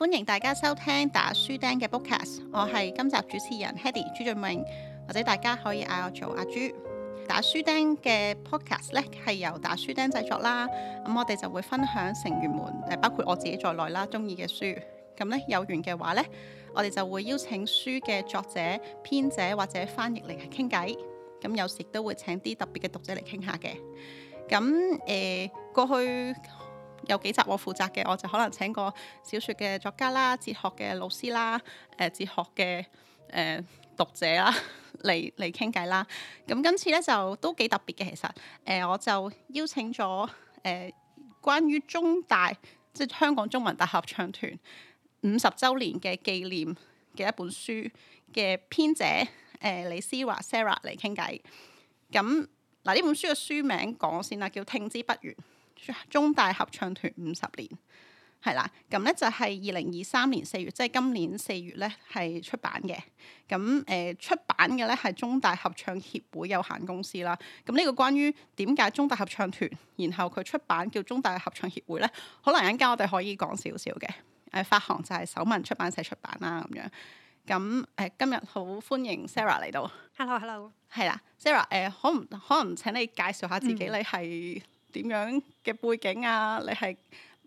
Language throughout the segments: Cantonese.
歡迎大家收聽打書釘嘅 podcast，我係今集主持人 Hedy 朱雋穎，或者大家可以嗌我做阿朱。打書釘嘅 podcast 咧，係由打書釘製作啦，咁我哋就會分享成員們誒，包括我自己在內啦，中意嘅書。咁咧有緣嘅話咧，我哋就會邀請書嘅作者、編者或者翻譯嚟傾偈。咁有時都會請啲特別嘅讀者嚟傾下嘅。咁誒、呃、過去。有幾集我負責嘅，我就可能請個小説嘅作家啦、哲學嘅老師啦、誒哲學嘅誒讀者啦嚟嚟傾偈啦。咁今次呢，就都幾特別嘅，其實誒、呃、我就邀請咗誒、呃、關於中大即係香港中文大合唱團五十週年嘅紀念嘅一本書嘅編者誒、呃、李思華 Sarah 嚟傾偈。咁嗱呢本書嘅書名講先啦，叫聽之不完。中大合唱團五十年，係啦，咁咧就係二零二三年四月，即係今年四月咧，係出版嘅。咁誒、呃、出版嘅咧係中大合唱協會有限公司啦。咁呢個關於點解中大合唱團，然後佢出版叫中大合唱協會咧，可能一陣間，我哋可以講少少嘅。誒、呃、發行就係首文出版社出版啦咁樣。咁誒、呃、今日好歡迎 Sarah 嚟到。Hello，Hello，係啦，Sarah 誒、呃、可唔可能請你介紹下自己？嗯、你係，點樣嘅背景啊？你係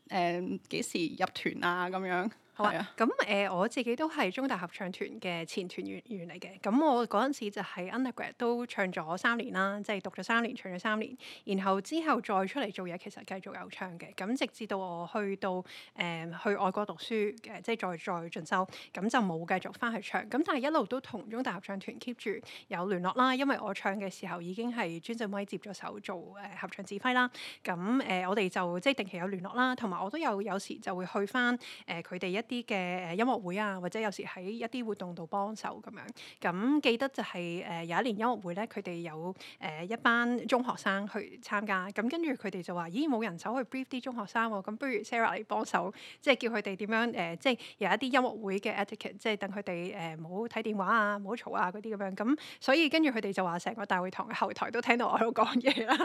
誒幾時入團啊？咁樣。好啊，咁誒、呃、我自己都係中大合唱團嘅前團員員嚟嘅，咁我陣時就係 undergrad 都唱咗三年啦，即係讀咗三年，唱咗三年，然後之後再出嚟做嘢，其實繼續有唱嘅，咁直至到我去到誒、呃、去外國讀書誒，即係再再進修，咁就冇繼續翻去唱，咁但係一路都同中大合唱團 keep 住有聯絡啦，因為我唱嘅時候已經係朱振威接咗手做誒、呃、合唱指揮啦，咁誒、呃、我哋就即係定期有聯絡啦，同埋我都有有時就會去翻誒佢哋一。一啲嘅誒音樂會啊，或者有時喺一啲活動度幫手咁樣，咁記得就係、是、誒、呃、有一年音樂會咧，佢哋有誒一班中學生去參加。咁跟住佢哋就話咦，冇人走去 brief 啲中學生喎、哦。咁不如 Sarah 嚟幫手，即係叫佢哋點樣，誒、呃，即係有一啲音樂會嘅 etiquette，即係等佢哋唔好睇電話啊、唔好嘈啊啲咁樣，咁所以跟住佢哋就話成個大會堂嘅後台都聽到我喺度講嘢啦。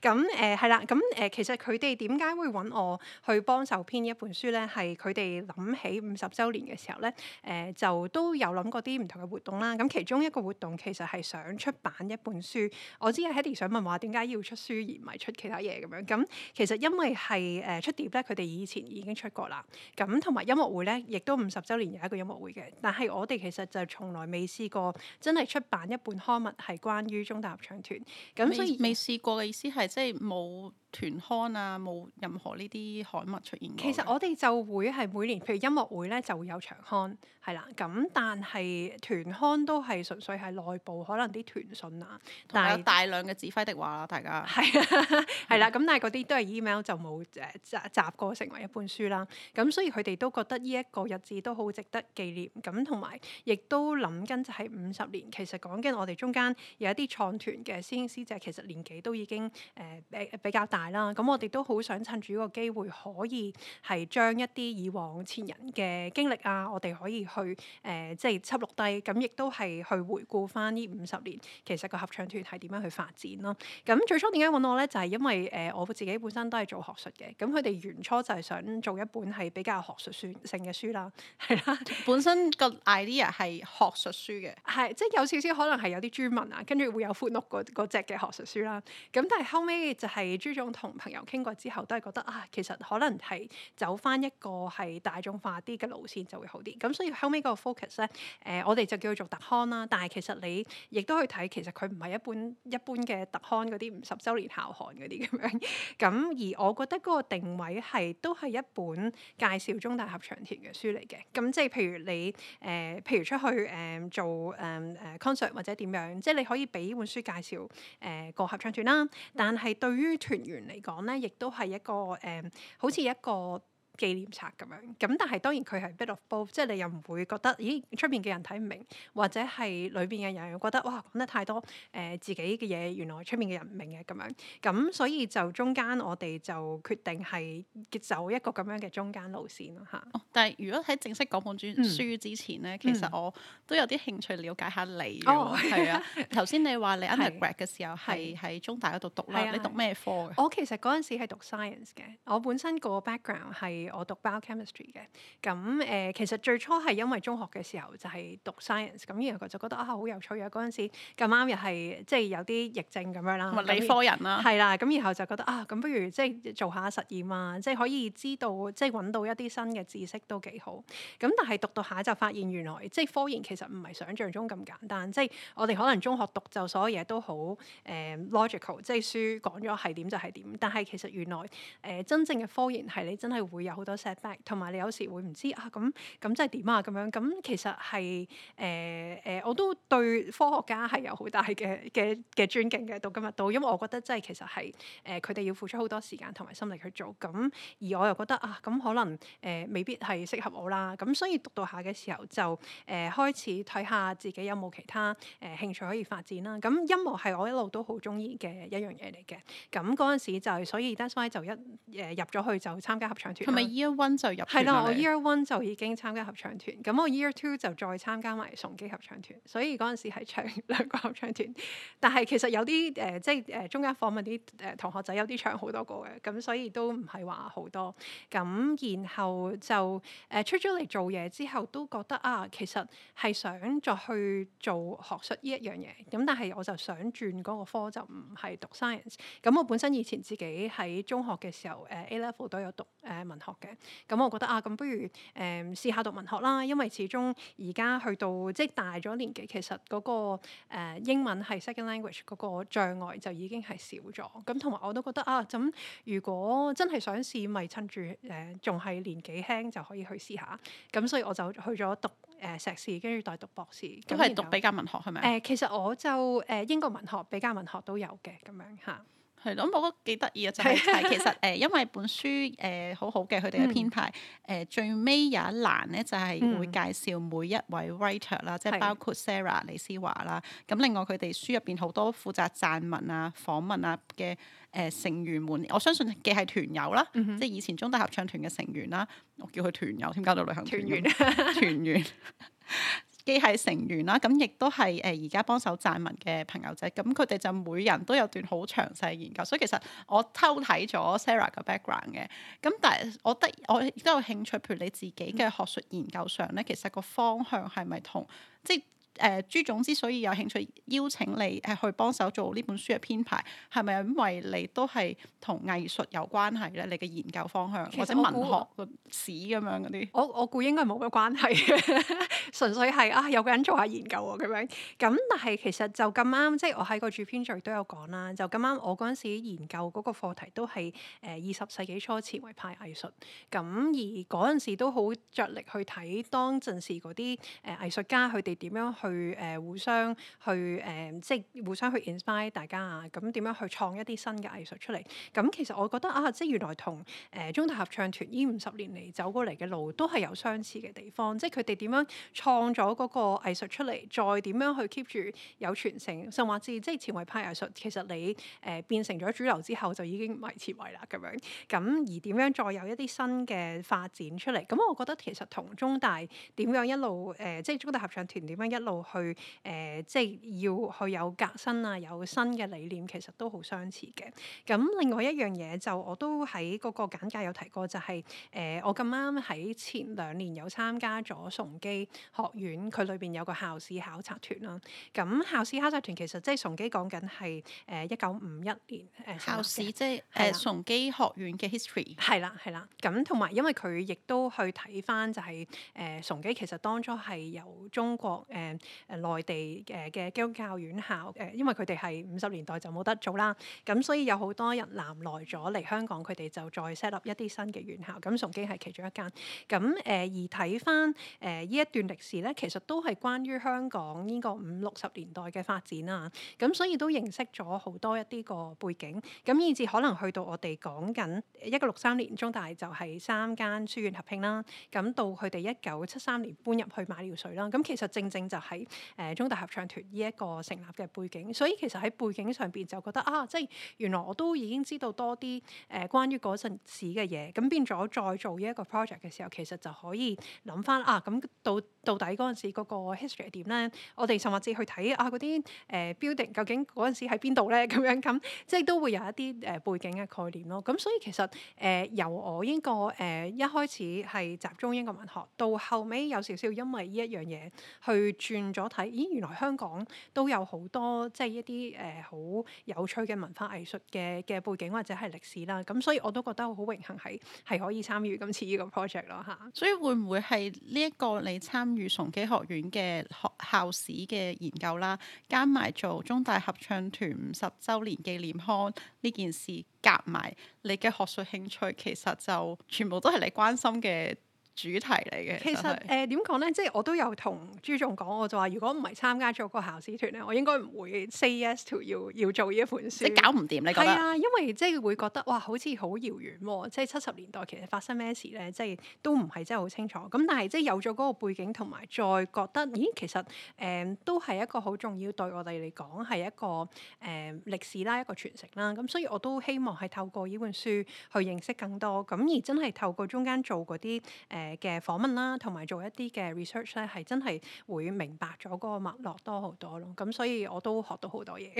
咁誒係啦。咁、呃、誒、呃、其實佢哋點解會揾我去幫手編呢一本書咧？係佢哋諗起五十周年嘅時候呢，誒、呃、就都有諗過啲唔同嘅活動啦。咁、嗯、其中一個活動其實係想出版一本書。我知啊，Hedy 想問話點解要出書而唔係出其他嘢咁樣。咁、嗯、其實因為係誒、呃、出碟呢，佢哋以前已經出過啦。咁同埋音樂會呢，亦都五十週年有一個音樂會嘅。但係我哋其實就從來未試過真係出版一本刊物係關於中大合唱團。咁、嗯、所以未試過嘅意思係即係冇。就是團刊啊，冇任何呢啲刊物出現。其實我哋就會係每年，譬如音樂會咧就會有長刊，係啦。咁但係團刊都係純粹係內部，可能啲團訊啊，同埋是大量嘅指揮的話、啊、大家係的 啊，係啦。咁但係嗰啲都係 email 就冇誒集集過成為一本書啦。咁所以佢哋都覺得呢一個日子都好值得紀念。咁同埋亦都諗緊就係五十年，其實講緊我哋中間有一啲創團嘅師兄師姐，其實年紀都已經誒誒、呃、比較大，啦，咁、嗯、我哋都好想趁住呢個機會可以係將一啲以往前人嘅經歷啊，我哋可以去誒、呃、即係輯錄低，咁、嗯、亦都係去回顧翻呢五十年，其實個合唱團係點樣去發展咯。咁、嗯、最初點解揾我咧，就係、是、因為誒、呃、我自己本身都係做學術嘅，咁佢哋原初就係想做一本係比較學術書性嘅書啦，係啦，本身個 idea 係學術書嘅，係即係有少少可能係有啲專文啊，跟住會有歡樂嗰嗰隻嘅學術書啦。咁、嗯、但係後尾就係。朱總。同朋友傾過之後，都係覺得啊，其實可能係走翻一個係大眾化啲嘅路線就會好啲。咁所以後尾嗰個 focus 呢，誒、呃，我哋就叫做特刊啦。但係其實你亦都去睇，其實佢唔係一般一般嘅特刊嗰啲五十週年校刊嗰啲咁樣。咁 而我覺得嗰個定位係都係一本介紹中大合唱團嘅書嚟嘅。咁即係譬如你誒、呃，譬如出去誒、呃、做誒誒、呃、concert 或者點樣，即係你可以俾呢本書介紹誒個、呃、合唱團啦。但係對於團員，嚟講咧，亦都係一個誒，好似一個，嗯紀念冊咁樣，咁但係當然佢係 bit of both，即係你又唔會覺得，咦出邊嘅人睇唔明，或者係裏邊嘅人又覺得，哇講得太多，誒、呃、自己嘅嘢原來出邊嘅人唔明嘅咁樣，咁、嗯、所以就中間我哋就決定係走一個咁樣嘅中間路線咯嚇、啊哦。但係如果喺正式講本書之前咧，嗯、其實我都有啲興趣了解下你，係、哦、 啊，頭先你話你 undergrad 嘅時候係喺是中大嗰度讀啦，啊、你讀咩科？我其實嗰陣時係讀 science 嘅，我本身個 background 係。我讀 biochemistry 嘅，咁誒、呃、其實最初係因為中學嘅時候就係、是、讀 science，咁然後佢就覺得啊好有趣啊！嗰陣時咁啱又係即係有啲疫症咁樣、啊嗯、啦，物理科人啦，係啦，咁然後就覺得啊，咁不如即係做下實驗啊，即係可以知道即係揾到一啲新嘅知識都幾好。咁但係讀到下就發現原來即係科研其實唔係想像中咁簡單，即係我哋可能中學讀就所有嘢都好誒、嗯、logical，即係書講咗係點就係點。但係其實原來誒、呃、真正嘅科研係你真係會有，好多 setback，同埋你有時會唔知啊，咁咁即係點啊咁樣，咁其實係誒誒我都對科學家係有好大嘅嘅嘅尊敬嘅，到今日到，因為我覺得即係其實係誒佢哋要付出好多時間同埋心力去做，咁而我又覺得啊，咁、啊、可能誒、呃、未必係適合我啦，咁、嗯、所以讀到下嘅時候就誒、呃、開始睇下自己有冇其他誒、呃、興趣可以發展啦。咁、嗯、音樂係我一路都好中意嘅一樣嘢嚟嘅，咁嗰陣時就係所以 Daisy 就一誒、呃、入咗去就參加合唱團。Year One 就入係啦，我 Year One 就已經參加合唱團，咁我 Year Two 就再參加埋崇基合唱團，所以嗰陣時係唱兩個合唱團。但係其實有啲誒，即係誒中間訪問啲誒同學仔有啲唱好多個嘅，咁所以都唔係話好多。咁然後就誒、呃、出咗嚟做嘢之後，都覺得啊，其實係想再去做學術呢一樣嘢。咁但係我就想轉嗰個科，就唔係讀 science。咁我本身以前自己喺中學嘅時候，誒、呃、A Level 都有讀誒、呃、文學。嘅咁，嗯，我覺得啊，咁不如誒試、呃、下讀文學啦，因為始終而家去到即係大咗年紀，其實嗰，嗰個、呃、英文係 second language 嗰個障礙就已經係少咗。咁同埋我都覺得啊，咁，嗯，如果真係想試，咪，嗯、趁住誒仲係年紀輕就可以去試下。咁，嗯、所以我就去咗讀誒碩、呃、士，跟住再讀博士。咁係讀比較文學係咪啊？其實我就誒、呃、英國文學、比較文學都有嘅咁樣嚇。係咯，我覺得幾得意啊！就 係樂 其實誒，因為本書誒、呃、好好嘅，佢哋嘅編排誒、mm. 呃、最尾有一欄咧，就係、是、會介紹每一位 writer 啦，即係包括 Sarah 李思華啦。咁另外佢哋書入邊好多負責撰文啊、訪問啊嘅誒成員們，我相信嘅係團友啦，mm hmm. 即係以前中大合唱團嘅成員啦。我叫佢團友，添加到旅行團，團員團員， 團員。 既係成員啦，咁亦都係誒而家幫手撰文嘅朋友仔，咁佢哋就每人都有段好詳細嘅研究，所以其實我偷睇咗 Sarah 嘅 background 嘅，咁但係我得我都有興趣，譬如你自己嘅學術研究上咧，其實個方向係咪同即係？誒、呃、朱總之所以有興趣邀請你誒去幫手做呢本書嘅編排，係咪因為你都係同藝術有關係咧？你嘅研究方向其實 或者文學歷史咁樣嗰啲？我我估應該冇乜關係嘅， 純粹係啊有個人做下研究啊咁樣。咁但係其實就咁啱，即係我喺個主編序都有講啦。就咁啱，我嗰陣時研究嗰個課題都係誒二十世紀初前衛派藝術。咁而嗰陣時都好着力去睇當陣時嗰啲誒藝術家佢哋點樣去。去誒、呃、互相去誒、呃、即係互相去 inspire 大家啊！咁、嗯、點樣去創一啲新嘅藝術出嚟？咁、嗯、其實我覺得啊，即係原來同誒、呃、中大合唱團呢五十年嚟走過嚟嘅路都係有相似嘅地方。即係佢哋點樣創咗嗰個藝術出嚟，再點樣去 keep 住有傳承，甚至即係前衛派藝術，其實你誒、呃、變成咗主流之後就已經唔係前衛啦咁樣。咁、嗯、而點樣再有一啲新嘅發展出嚟？咁、嗯、我覺得其實同中大點樣一路誒、呃、即係中大合唱團點樣一路。去誒、呃，即係要去有革新啊，有新嘅理念，其實都好相似嘅。咁另外一樣嘢就，我都喺嗰個簡介有提過，就係、是、誒、呃、我咁啱喺前兩年有參加咗崇基學院，佢裏邊有個校史考察團啦。咁校史考察團其實即係崇基講緊係誒一九五一年誒、呃、校史，校史即係誒了、呃、崇基學院嘅 history。係啦，係啦。咁同埋因為佢亦都去睇翻、就是，就係誒崇基其實當初係由中國誒。呃呃誒內地誒嘅基督教院校誒，因為佢哋係五十年代就冇得做啦，咁所以有好多人南來咗嚟香港，佢哋就再設立一啲新嘅院校，咁崇基係其中一間。咁誒而睇翻誒呢一段歷史咧，其實都係關於香港呢個五六十年代嘅發展啦，咁所以都認識咗好多一啲個背景，咁以至可能去到我哋講緊一九六三年中大就係三間書院合併啦，咁到佢哋一九七三年搬入去馬料水啦，咁其實正正就係。誒中大合唱團呢一個成立嘅背景，所以其實喺背景上邊就覺得啊，即係原來我都已經知道多啲誒關於嗰陣時嘅嘢，咁變咗再做呢一個 project 嘅時候，其實就可以諗翻啊，咁到到底嗰陣時嗰個 history 係點咧？我哋甚或至去睇啊嗰啲誒 building 究竟嗰陣時喺邊度咧？咁樣咁即係都會有一啲誒背景嘅概念咯。咁所以其實誒、呃、由我英國誒、呃、一開始係集中英國文學，到後尾有少少因為依一樣嘢去轉。變咗睇，咦、嗯！原來香港都有好多即係、就是、一啲誒好有趣嘅文化藝術嘅嘅背景或者係歷史啦。咁、嗯、所以我都覺得好榮幸係係可以參與今次呢個 project 咯嚇。所以會唔會係呢一個你參與崇基學院嘅學校史嘅研究啦，加埋做中大合唱團五十週年紀念刊呢件事，夾埋你嘅學術興趣，其實就全部都係你關心嘅主題嚟嘅，其實誒點講呢？即係我都有同朱總講，我就話如果唔係參加咗個校史團咧，我應該唔會 say yes to 要要做依本書。即搞唔掂，你覺得係啊？因為即係會覺得哇，好似好遙遠喎！即係七十年代其實發生咩事呢？即係都唔係真係好清楚。咁但係即係有咗嗰個背景同埋，再覺得咦，其實誒、呃、都係一個好重要對我哋嚟講係一個誒歷、呃、史啦，一個傳承啦。咁所以我都希望係透過呢本書去認識更多，咁而真係透過中間做嗰啲誒。呃呃嘅訪問啦，同埋做一啲嘅 research 咧，係真係會明白咗嗰個脈絡多好多咯。咁所以我都學到好多嘢。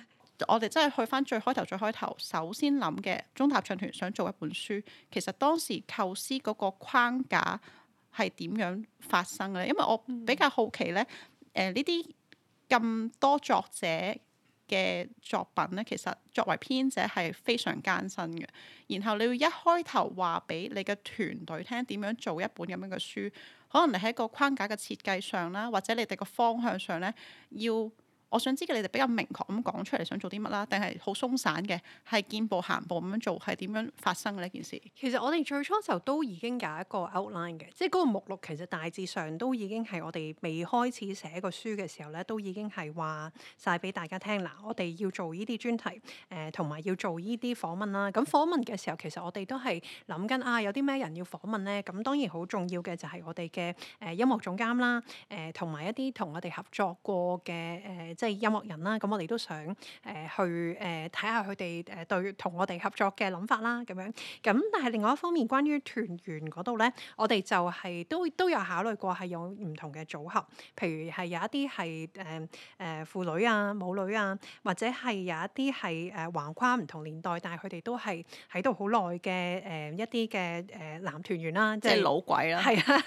我哋真係去翻最開頭，最開頭首先諗嘅中大合唱團想做一本書，其實當時構思嗰個框架係點樣發生嘅咧？因為我比較好奇咧，誒呢啲咁多作者。嘅作品呢，其實作為編者係非常艱辛嘅。然後你要一開頭話俾你嘅團隊聽點樣做一本咁樣嘅書，可能你喺個框架嘅設計上啦，或者你哋個方向上呢，要。我想知嘅你哋比較明確咁講出嚟，想做啲乜啦？定係好鬆散嘅，係見步行步咁樣做，係點樣發生嘅呢件事？其實我哋最初嘅時候都已經有一個 outline 嘅，即係嗰個目錄其實大致上都已經係我哋未開始寫個書嘅時候呢，都已經係話晒俾大家聽。嗱，我哋要做呢啲專題，誒同埋要做呢啲訪問啦。咁、啊、訪問嘅時候，其實我哋都係諗緊啊，有啲咩人要訪問呢？咁當然好重要嘅就係我哋嘅誒音樂總監啦，誒同埋一啲同我哋合作過嘅誒。呃係音樂人啦，咁、嗯、我哋都想誒去誒睇下佢哋誒對同我哋合作嘅諗法啦，咁樣。咁但係另外一方面，關於團員嗰度呢，我哋就係、是、都都有考慮過係有唔同嘅組合，譬如係有一啲係誒誒婦女啊、母女啊，或者係有一啲係誒橫跨唔同年代，但係佢哋都係喺度好耐嘅誒一啲嘅誒男團員啦，就是、即係老鬼啦，係啊。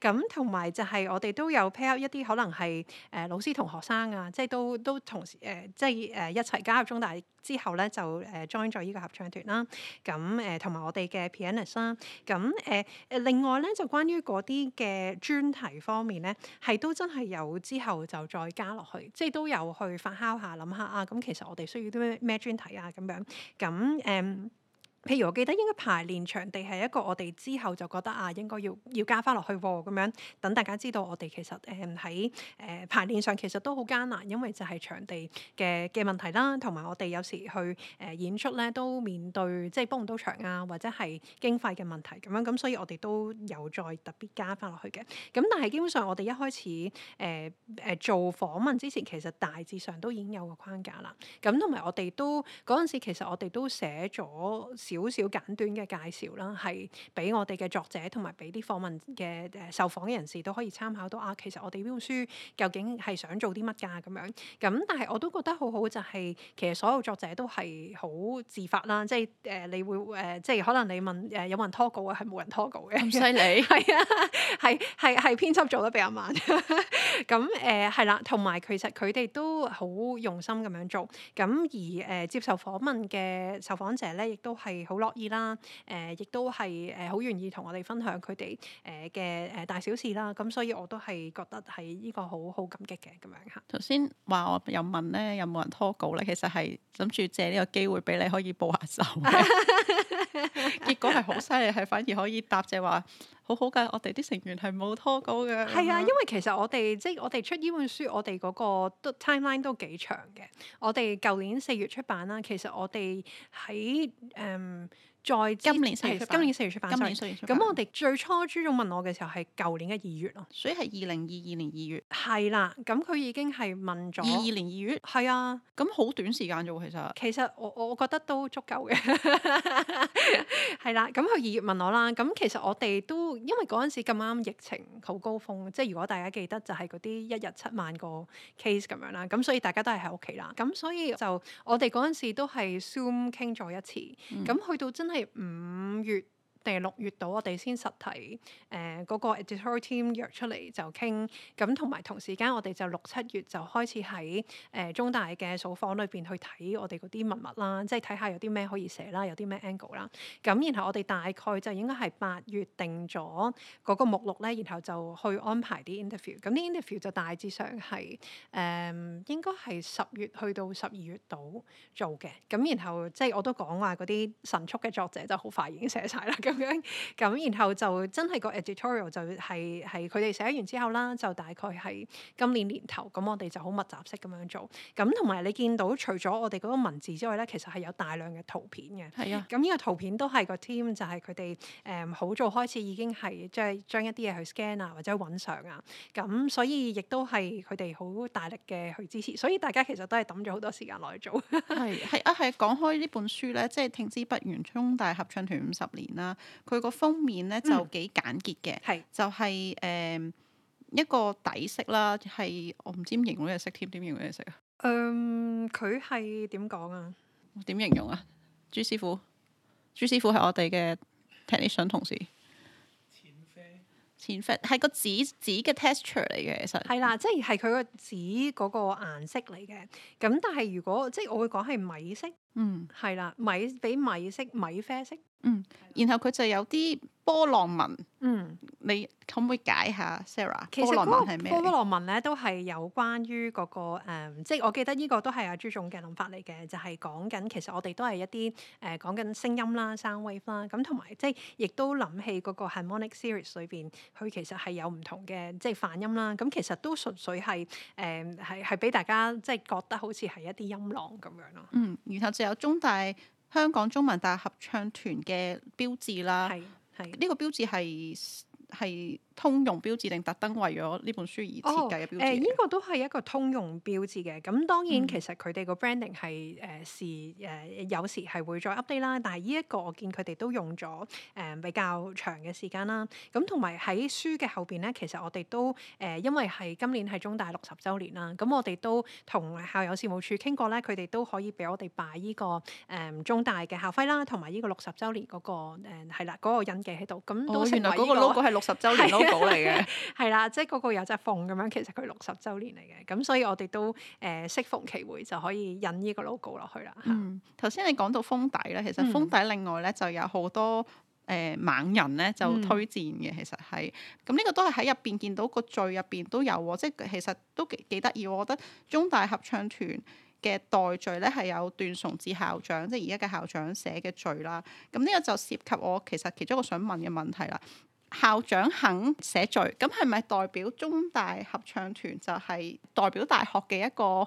咁同埋就係我哋都有 pair up 一啲可能係誒、呃、老師同學生啊，即係都。都都同時誒、呃，即係誒、呃、一齊加入中大之後咧，就誒 join 咗依個合唱團啦。咁誒同埋我哋嘅 pianist 啦、啊。咁誒誒另外咧，就關於嗰啲嘅專題方面咧，係都真係有之後就再加落去，即係都有去發酵下、諗下啊。咁、啊、其實我哋需要啲咩咩專題啊？咁樣咁誒。啊嗯譬如我記得應該排練場地係一個我哋之後就覺得啊應該要要加翻落去咁樣，等大家知道我哋其實誒喺誒排練上其實都好艱難，因為就係場地嘅嘅問題啦，同埋我哋有時去誒、呃、演出咧都面對即係幫唔到場啊，或者係經費嘅問題，咁樣咁、嗯、所以我哋都有再特別加翻落去嘅。咁但係基本上我哋一開始誒誒、呃呃、做訪問之前，其實大致上都已經有個框架啦。咁同埋我哋都嗰陣時其實我哋都寫咗少少少簡短嘅介紹啦，係俾我哋嘅作者同埋俾啲訪問嘅誒受訪人士都可以參考到啊。其實我哋呢本書究竟係想做啲乜噶咁樣，咁、嗯、但係我都覺得好好就係、是、其實所有作者都係好自發啦。即係誒、呃、你會誒、呃、即係可能你問誒、呃、有冇人拖稿啊？係冇人拖稿嘅。咁犀利？係啊， 係係係編輯做得比較慢。咁誒係啦，同埋其實佢哋都好用心咁樣做。咁而誒、呃、接受訪問嘅受訪者咧，亦都係。好樂意啦，誒、呃，亦都係誒，好願意同我哋分享佢哋誒嘅誒大小事啦。咁、嗯、所以我都係覺得係呢個好好感激嘅咁樣嚇。頭先話我又問咧，有冇人拖稿咧？其實係諗住借呢個機會俾你可以報下仇， 結果係好犀利，係反而可以答謝話。好好㗎，我哋啲成員係冇拖稿㗎。係啊，噉樣。因為其實我哋即係我哋出呢本書，我哋嗰個 timeline 都幾長嘅。我哋舊年四月出版啦，其實我哋喺誒。呃再今年四月，今年四月出版。今年四月出版。咁我哋最初朱總問我嘅時候係舊年嘅二月咯，所以係二零二二年二月，係啦。咁佢已經係問咗二二年二月，係啊的。咁好短時間啫，其實。其實我我覺得都足夠嘅，係 啦。咁佢二月問我啦，咁其實我哋都因為陣時咁啱疫情好高峰，即係如果大家記得就係啲一日七萬個，個 case 咁樣啦，咁所以大家都係喺屋企啦。咁所以就我哋陣時都係 zoom 傾咗一次，咁、嗯、去到真係。即五月，定係六月度，我哋先實體誒嗰、呃嗰個 editorial team 約出嚟就傾，咁同埋同時間我哋就六七月就開始喺誒、呃、中大嘅數房裏邊去睇我哋嗰啲文物啦，即係睇下有啲咩可以寫啦，有啲咩 angle 啦。咁然後我哋大概就應該係八月定咗嗰個目錄咧，然後就去安排啲 interview。咁啲 interview 就大致上係誒、呃、應該係十月去到十二月度做嘅。咁然後即係我都講話嗰啲神速嘅作者就好快已經寫晒啦。咁樣咁， 然後就真係個 editorial 就係係佢哋寫完之後啦，就大概係今年年頭咁，我哋就好密集式咁樣做。咁同埋你見到除咗我哋嗰個文字之外咧，其實係有大量嘅圖片嘅。係啊，咁呢個圖片都係個 team 就係佢哋誒好早開始已經係即係將一啲嘢去 scan 啊，或者揾相啊。咁所以亦都係佢哋好大力嘅去支持。所以大家其實都係抌咗好多時間落去做。係 係啊，係講、啊啊啊、開呢本書咧，即係聽之不完中大合唱團五十年啦。佢個封面咧、嗯、就幾簡潔嘅，是就係、是、誒、um, 一個底色啦，係我唔知點形容呢個色添，點形容呢個色啊？嗯，佢係點講啊？點形容啊？朱師傅，朱師傅係我哋嘅 technician 同事，淺啡，淺啡係個紙紙嘅 texture 嚟嘅，其實係啦，即係係佢個紙嗰個顏色嚟嘅。咁但係如果即係、就是、我會講係米色，嗯，係啦，米比米色米啡色，色。嗯，然後佢就有啲波浪紋。嗯，你可唔可以解下 Sarah？波浪紋係咩？波浪紋咧，都係有關於嗰個誒，即係我記得依個都係阿朱總嘅諗法嚟嘅，就係講緊其實我哋都係一啲誒講緊聲音啦、sound wave 啦，咁同埋即係亦都諗起嗰個 harmonic series 裏邊，佢其實係有唔同嘅即係泛音啦。咁、嗯、其實都純粹係誒係係俾大家即係覺得好似係一啲音浪咁樣咯。嗯，然後就有中大。香港中文大合唱團嘅標誌啦，呢個標誌係係通用標誌定特登為咗呢本書而設計嘅標誌？誒呢、哦呃這個都係一個通用標誌嘅，咁當然其實佢哋個 branding 係誒是誒、呃、有時係會再 update 啦。但係呢一個我見佢哋都用咗誒、呃、比較長嘅時間啦。咁同埋喺書嘅後邊呢，其實我哋都誒、呃、因為係今年係中大六十週年啦，咁我哋都同校友事務處傾過呢佢哋都可以俾我哋擺呢個誒、呃、中大嘅校徽啦，同埋呢個六十週年嗰、嗰個誒係啦嗰個印記喺度。咁、嗯、哦，原來嗰個 logo 係六十週年是 稿嚟嘅，係啦， 即係嗰個有隻鳳咁樣，其實佢六十周年嚟嘅，咁所以我哋都誒、呃、適逢其會就可以印呢個 logo 落去啦。嗯，頭先你講到封底咧，其實封底另外咧就有好多誒猛、呃、人咧就推薦嘅，嗯、其實係咁呢個都係喺入邊見到個序入邊都有喎，即係其實都幾幾得意喎。我覺得中大合唱團嘅代序咧係有段崇智校長，即係而家嘅校長寫嘅序啦。咁呢個就涉及我其實其中一個想問嘅問題啦。校長肯寫序，咁係咪代表中大合唱團就係代表大學嘅一個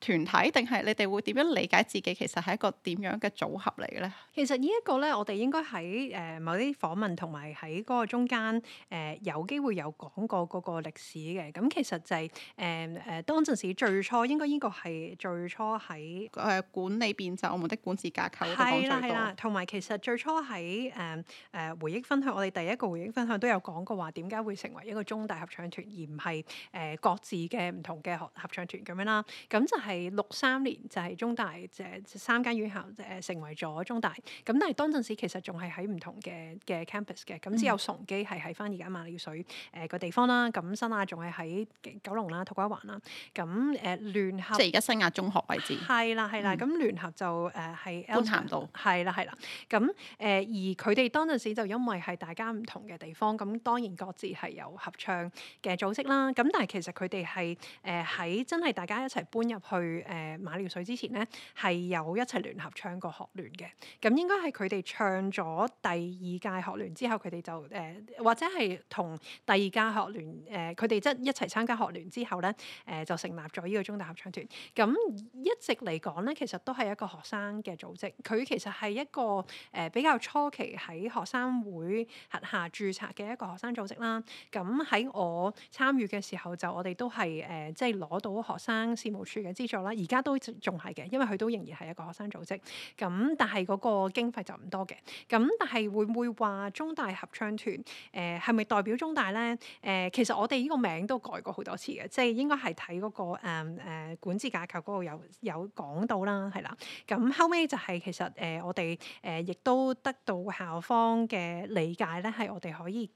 團體定係你哋會點樣理解自己？其實係一個點樣嘅組合嚟嘅咧。其實呢一個咧，我哋應該喺誒、呃、某啲訪問同埋喺嗰個中間誒、呃、有機會有講過嗰個歷史嘅。咁其實就係誒誒當陣時最初應該應該係最初喺誒、呃、管理變奏，我們的管治架構都講最多。係啦係啦，同埋其實最初喺誒誒回憶分享，我哋第一個回憶分享都有講過話點解會成為一個中大合唱團，而唔係誒各自嘅唔同嘅合、合唱團咁樣啦。咁就係、是。係六三年就係、是、中大，誒、就是、三間院校誒成為咗中大。咁但係當陣時其實仲係喺唔同嘅嘅 campus 嘅。咁只有崇基係喺翻而家馬料水誒個地方啦。咁、嗯、新亞仲係喺九龍啦，土瓜灣啦。咁誒、呃、聯合即係而家新亞中學位置係啦係啦。咁聯、嗯、合就誒係觀塘道係啦係啦。咁、呃、誒、呃、而佢哋當陣時就因為係大家唔同嘅地方，咁當然各自係有合唱嘅組織啦。咁但係其實佢哋係誒喺真係大家一齊搬入去。去誒、呃、馬料水之前咧，係有一齊聯合唱過學聯嘅。咁應該係佢哋唱咗第二屆學聯之後，佢哋就誒、呃、或者係同第二屆學聯誒佢哋即係一齊參加學聯之後咧，誒、呃、就成立咗呢個中大合唱團，咁、嗯、一直嚟講咧，其實都係一個學生嘅組織，佢其實係一個誒、呃、比較初期喺學生會轄下註冊嘅一個學生組織啦。咁、嗯、喺我參與嘅時候，就我哋都係誒即係攞到學生事務處嘅資。咗啦，而家都仲係嘅，因為佢都仍然係一個學生組織，咁但係嗰個經費就唔多嘅，咁但係會唔會話中大合唱團誒係咪代表中大咧？誒、呃，其實我哋呢個名都改過好多次嘅，即係應該係睇嗰個誒誒、嗯呃、管治架構嗰度有有講到啦，係啦，咁後尾就係其實誒、呃、我哋誒亦都得到校方嘅理解咧，係我哋可以。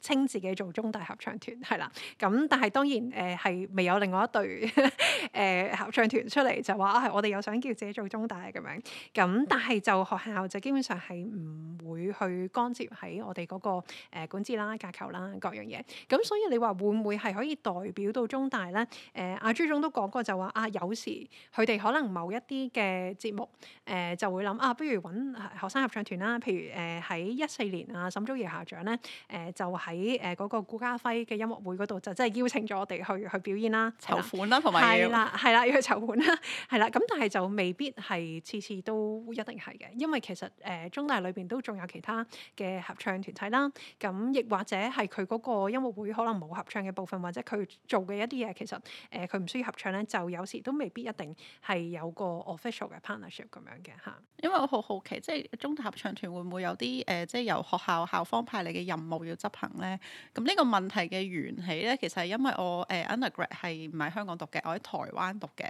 稱自己做中大合唱團係啦，咁但係當然誒係、呃、未有另外一隊誒、 呃、合唱團出嚟就話啊，係我哋又想叫自己做中大咁樣。咁但係就學校就基本上係唔會去干涉喺我哋嗰、那個、呃、管治啦、架構啦各樣嘢，咁、嗯、所以你話會唔會係可以代表到中大咧？誒阿朱總都講過就話啊，有時佢哋可能某一啲嘅節目誒、呃、就會諗啊，不如揾學生合唱團啦，譬如誒喺一四年啊沈祖堯校長咧誒、呃、就係、是。喺誒嗰個顧嘉煇嘅音樂會度就真、是、係邀請咗我哋去去表演啦，籌款、啊、啦同埋，係啦係啦要去籌款啦，係啦。咁但係就未必係次次都一定係嘅，因為其實誒、呃、中大裏邊都仲有其他嘅合唱團體啦。咁亦或者係佢個音樂會可能冇合唱嘅部分，嗯、或者佢做嘅一啲嘢其實誒佢唔需要合唱咧，就有時都未必一定係有個 official 嘅 partnership 咁樣嘅吓，因為我好好奇，即、就、係、是、中大合唱團會唔會有啲誒即係由學校校方派嚟嘅任務要執行？咧，咁呢個問題嘅緣起咧，其實係因為我誒 undergrad 係唔喺香港讀嘅，我喺台灣讀嘅。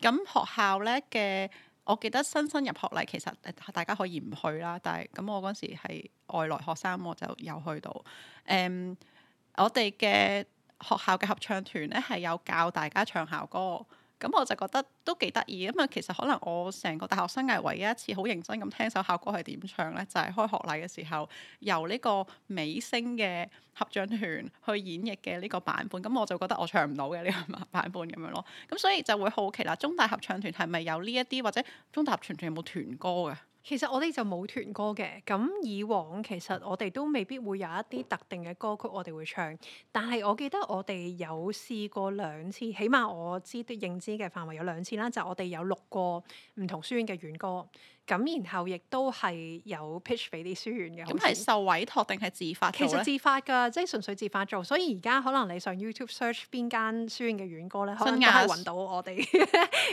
咁學校咧嘅，我記得新生入學禮其實大家可以唔去啦，但係咁我嗰時係外來學生，我就有去到。誒，um，我哋嘅學校嘅合唱團咧係有教大家唱校歌。咁我就覺得都幾得意，咁啊其實可能我成個大學生涯唯一一次好認真咁聽首校歌係點唱呢？就係開學禮嘅時候由呢個美聲嘅合唱團去演繹嘅呢個版本，咁我就覺得我唱唔到嘅呢個版本咁樣咯，咁所以就會好奇啦，中大合唱團係咪有呢一啲或者中大合唱團有冇團歌㗎？其實我哋就冇團歌嘅，咁以往其實我哋都未必會有一啲特定嘅歌曲我哋會唱，但係我記得我哋有試過兩次，起碼我知的認知嘅範圍有兩次啦，就係、我哋有錄過唔同書院嘅院歌。咁然後亦都係有 pitch 俾啲書院嘅，咁係受委託定係自發？其實自發㗎，即係純粹自發做。所以而家可能你上 YouTube search 邊間書院嘅院歌咧，可能都係揾到我哋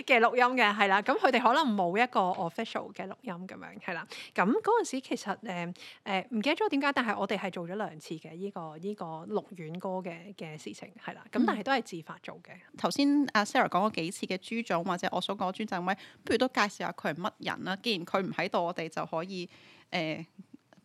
嘅錄音嘅，係啦衙。咁佢哋可能冇一個 official 嘅錄音咁樣，係啦。咁嗰陣時其實誒誒唔記得咗點解，但係我哋係做咗兩次嘅依個依個錄院歌嘅嘅事情，係啦。咁、嗯、但係都係自發做嘅。頭先阿 Sarah 講過幾次嘅朱總或者我所講嘅朱振威，不如都介紹下佢係乜人啦？既然佢唔喺度，我哋就可以誒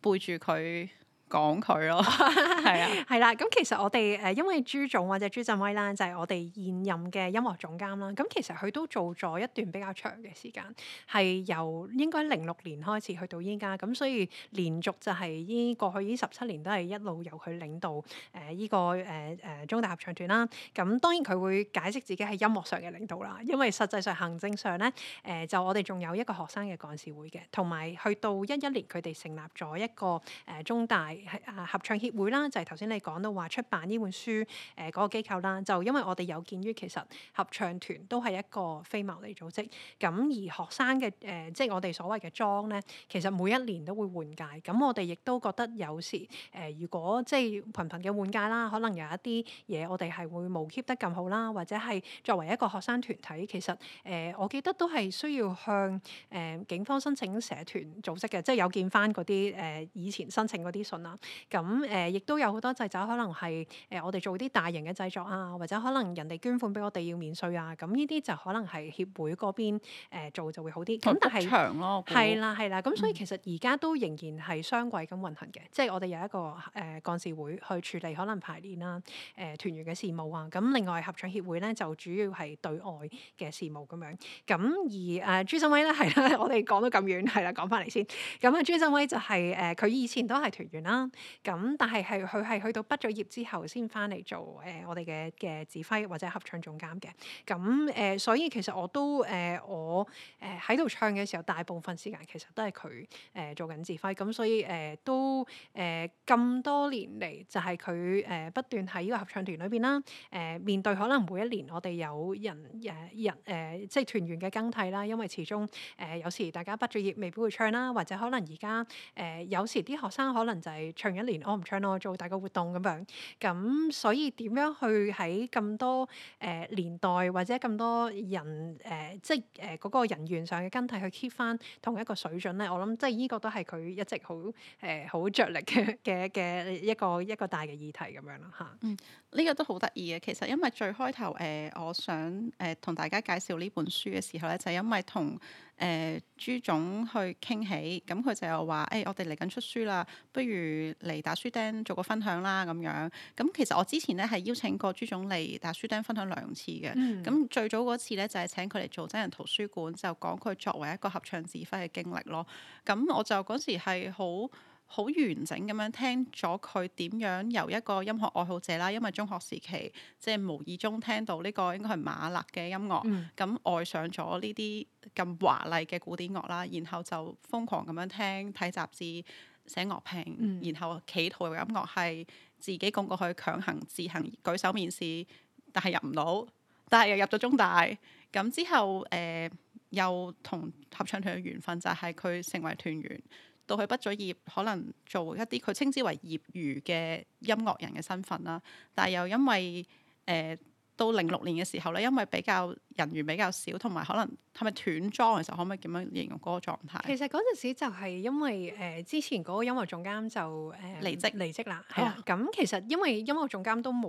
背住佢。講佢咯 是、啊， 係啊，係啦。咁其實我哋誒、呃，因為朱總或者朱振威啦，就係、是、我哋現任嘅音樂總監啦。咁其實佢都做咗一段比較長嘅時間，係由應該零六年開始去到依家。咁、嗯、所以連續就係依過去依十七年都係一路由佢領導誒依、呃這個誒誒、呃呃、中大合唱團啦。咁、嗯、當然佢會解釋自己喺音樂上嘅領導啦，因為實際上行政上咧誒、呃，就我哋仲有一個學生嘅幹事會嘅，同埋去到一一年佢哋成立咗一個誒、呃呃、中大。係啊，合唱協會啦，就係頭先你講到話出版呢本書誒嗰、呃嗰個機構啦，就因為我哋有見於其實合唱團都係一個非牟利組織，咁而學生嘅誒、呃，即係我哋所謂嘅莊呢，其實每一年都會換屆，咁我哋亦都覺得有時誒、呃，如果即係頻頻嘅換屆啦，可能有一啲嘢我哋係會冇 keep 得咁好啦，或者係作為一個學生團體，其實誒、呃，我記得都係需要向誒、呃、警方申請社團組織嘅，即係有見翻嗰啲誒以前申請嗰啲信。咁誒亦都有好多製作，可能係誒我哋做啲大型嘅製作啊，或者可能人哋捐款俾我哋要免稅啊，咁呢啲就可能係協會嗰邊、呃、做就會好啲。咁但係咯，係啦係啦，咁所以其實而家都仍然係雙季咁運行嘅，即係我哋有一個誒幹事會去處理可能排練啦、誒、啊、團員嘅事務啊，咁另外合唱協會咧就主要係對外嘅事務咁樣。咁而誒朱振威咧係啦，我哋講到咁遠係啦，講翻嚟先。咁啊朱振威就係誒佢以前都係團員啦。咁、嗯、但係，係，佢係去到畢咗業之後先翻嚟做誒、呃，我哋嘅嘅指揮或者合唱總監嘅，咁、嗯、誒、呃，所以其實我都誒、呃，我誒喺度唱嘅時候，大部分時間其實都係佢誒做緊指揮，咁、嗯、所以誒、呃、都誒咁、呃、多年嚟就係佢誒不斷喺呢個合唱團裏邊啦，誒、呃、面對可能每一年我哋有人誒人誒、呃、即係團員嘅更替啦，因為始終誒、呃、有時大家畢咗業未必會唱啦，或者可能而家誒有時啲學生可能就係、是。唱一年我唔唱咯，channel, 做大個活動咁樣，咁所以點樣去喺咁多誒、呃、年代或者咁多人誒、呃，即係誒嗰個人員上嘅更替去 keep 翻同一個水準呢？我諗即係呢個都係佢一直好誒好着力嘅嘅嘅一個一個大嘅議題咁樣啦吓。呢、嗯這個都好得意嘅。其實因為最開頭誒、呃，我想誒同、呃、大家介紹呢本書嘅時候呢，就係、因為同。誒、呃、朱總去傾起，咁佢就又話：誒、欸、我哋嚟緊出書啦，不如嚟打書釘做個分享啦咁樣。咁其實我之前咧係邀請過朱總嚟打書釘分享兩次嘅。咁、嗯、最早嗰次咧就係、是、請佢嚟做真人圖書館，就講佢作為一個合唱指揮嘅經歷咯。咁我就嗰時係好好完整咁樣聽咗佢點樣由一個音樂愛好者啦，因為中學時期即係無意中聽到呢個應該係馬勒嘅音樂，咁、嗯嗯、愛上咗呢啲咁華麗嘅古典樂啦，然後就瘋狂咁樣聽、睇雜誌、寫樂評，嗯、然後企圖嘅音樂係自己咁過去強行自行舉手面試，但係入唔到，但係又入咗中大，咁之後誒、呃、又同合唱團嘅緣分就係佢成為團員。到佢畢咗業，可能做一啲佢稱之為業餘嘅音樂人嘅身份啦，但係又因為誒、呃、到零六年嘅時候呢，因為比較。人員比較少，同埋可能係咪斷莊嘅時候，可唔可以咁樣形容嗰個狀態？其實嗰陣時就係因為誒、呃、之前嗰個音樂總監就誒、呃、離職離職啦，係啦、oh. 啊。咁、嗯、其實因為音樂總監都冇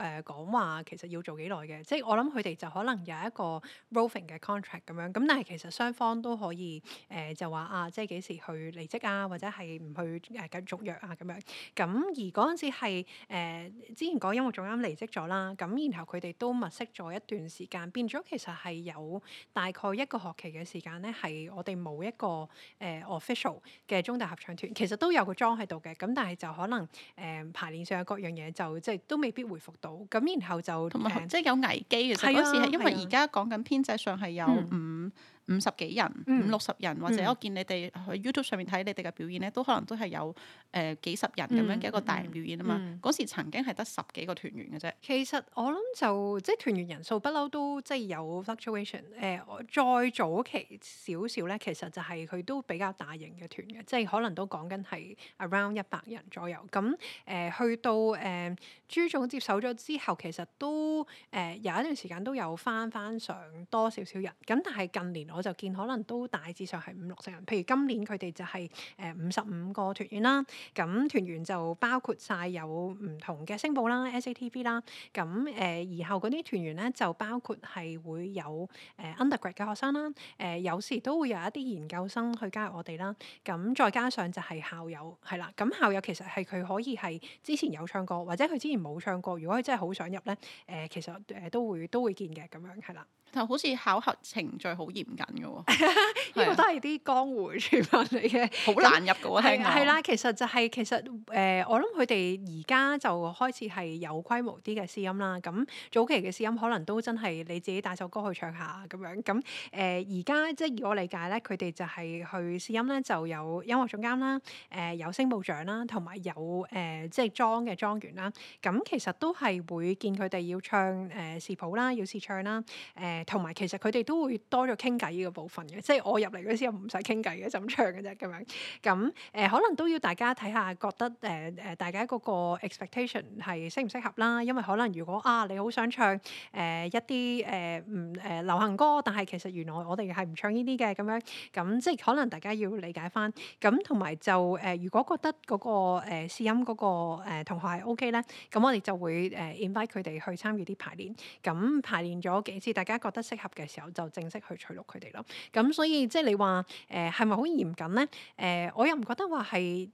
誒講話，呃、說說其實要做幾耐嘅，即係我諗佢哋就可能有一個 rolling 嘅 contract 咁樣。咁但係其實雙方都可以誒、呃、就話啊，即係幾時去離職啊，或者係唔去誒繼、啊、續約啊咁樣。咁、嗯、而嗰陣時係、呃、之前嗰音樂總監離職咗啦，咁、嗯、然後佢哋都物色咗一段時間變。咁其實係有大概一個學期嘅時間咧，係我哋冇一個誒、呃、official 嘅中大合唱團，其實都有個莊喺度嘅，咁但係就可能誒、呃、排練上各樣嘢就即係都未必回復到，咁然後就同埋有、嗯、即係有危機嘅，嗰、嗯、時係、啊啊、因為而家講緊編制上係有五。嗯五十幾人、嗯、五六十人，或者我見你哋喺 YouTube 上面睇你哋嘅表演咧，嗯、都可能都係有誒、呃、幾十人咁樣嘅一、嗯、個大型表演啊嘛。嗰、嗯、時曾經係得十幾個團員嘅啫。其實我諗就即係團員人數不嬲都即係有 fluctuation、呃。誒，再早期少少呢，其實就係佢都比較大型嘅團嘅，即係可能都講緊係 around 一百人左右。咁誒、呃、去到誒、呃、朱總接手咗之後，其實都誒、呃、有一段時間都有翻翻上多少少少人。咁但係近年。我就見可能都大致上係五六成人，譬如今年佢哋就係誒五十五個團員啦，咁團員就包括晒有唔同嘅聲部啦、SATB 啦，咁誒、呃、而後嗰啲團員咧就包括係會有誒、呃、undergrad 嘅學生啦，誒、呃、有時都會有一啲研究生去加入我哋啦，咁再加上就係校友，係啦，咁校友其實係佢可以係之前有唱過，或者佢之前冇唱過，如果佢真係好想入咧，誒、呃、其實誒都會都會見嘅咁樣係啦。就好似考核程序好嚴謹嘅喎，呢 個都係啲江湖傳聞嚟嘅。好、 嗯、難入嘅喎，係啦 對， 其實就係、是、其實誒、呃，我諗佢哋而家就開始係有規模啲嘅試音啦。咁早期嘅試音可能都真係你自己帶首歌去唱下咁樣。咁誒而家即以我理解咧，佢哋就係去試音咧，就有音樂總監啦、誒、呃、有聲部長啦，同埋有誒、呃、即係裝嘅裝員啦。咁其實都係會見佢哋要唱誒試、呃、譜啦，要試唱啦，誒、呃。同埋其實佢哋都會多咗傾偈依個部分嘅，即係我入嚟嗰時唔使傾偈嘅，就咁唱嘅啫咁樣。咁誒、呃、可能都要大家睇下覺得誒誒、呃呃、大家嗰個 expectation 係適唔適合啦。因為可能如果啊你好想唱誒、呃、一啲誒唔誒流行歌，但係其實原來我哋係唔唱呢啲嘅咁樣。咁即係可能大家要理解翻。咁同埋就誒、呃，如果覺得嗰、那個誒、呃、試音嗰、那個、呃、同學係 OK 咧，咁我哋就會誒、呃、invite 佢哋去參與啲排練。咁排練咗幾次，大家覺得適合嘅時候就正式去取錄佢哋咯。咁所以即係你話誒係咪好嚴謹呢？誒、呃，我又唔覺得話係。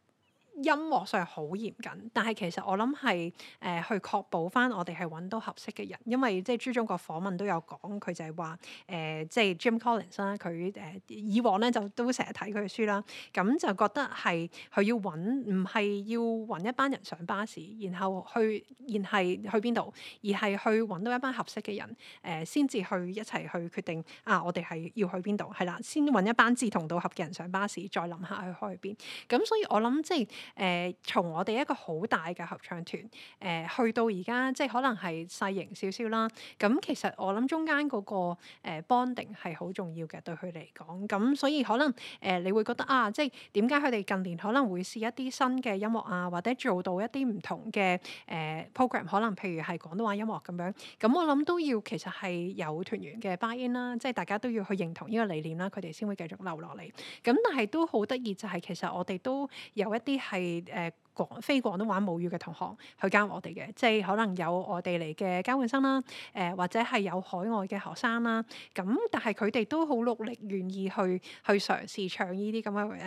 音樂上好嚴謹，但係其實我諗係誒去確保翻我哋係揾到合適嘅人，因為即係朱總個訪問都有講，佢就係話誒，即、呃、係、就是、Jim Collins 啦，佢誒、呃、以往咧就都成日睇佢嘅書啦，咁就覺得係佢要揾，唔係要揾一班人上巴士，然後去，然係去邊度，而係去揾到一班合適嘅人誒，先、呃、至去一齊去決定啊！我哋係要去邊度係啦，先揾一班志同道合嘅人上巴士，再諗下去開邊。咁所以我諗即係。誒、呃、從我哋一個好大嘅合唱團，誒、呃、去到而家即係可能係細型少少啦。咁、嗯、其實我諗中間嗰、那個誒、呃、bonding 係好重要嘅對佢嚟講。咁、嗯、所以可能誒、呃、你會覺得啊，即係點解佢哋近年可能會試一啲新嘅音樂啊，或者做到一啲唔同嘅誒、呃、program，可能譬如係廣東話音樂咁樣。咁、嗯、我諗都要其實係有團員嘅 buy in 啦，即係大家都要去認同呢個理念啦，佢哋先會繼續留落嚟。咁、嗯、但係都好得意就係、是、其實我哋都有一啲。係誒，非廣東話母語嘅同學去加我哋嘅，即係可能有外地嚟嘅交換生啦，誒、呃、或者係有海外嘅學生啦。咁但係佢哋都好努力，願意去去嘗試唱呢啲咁樣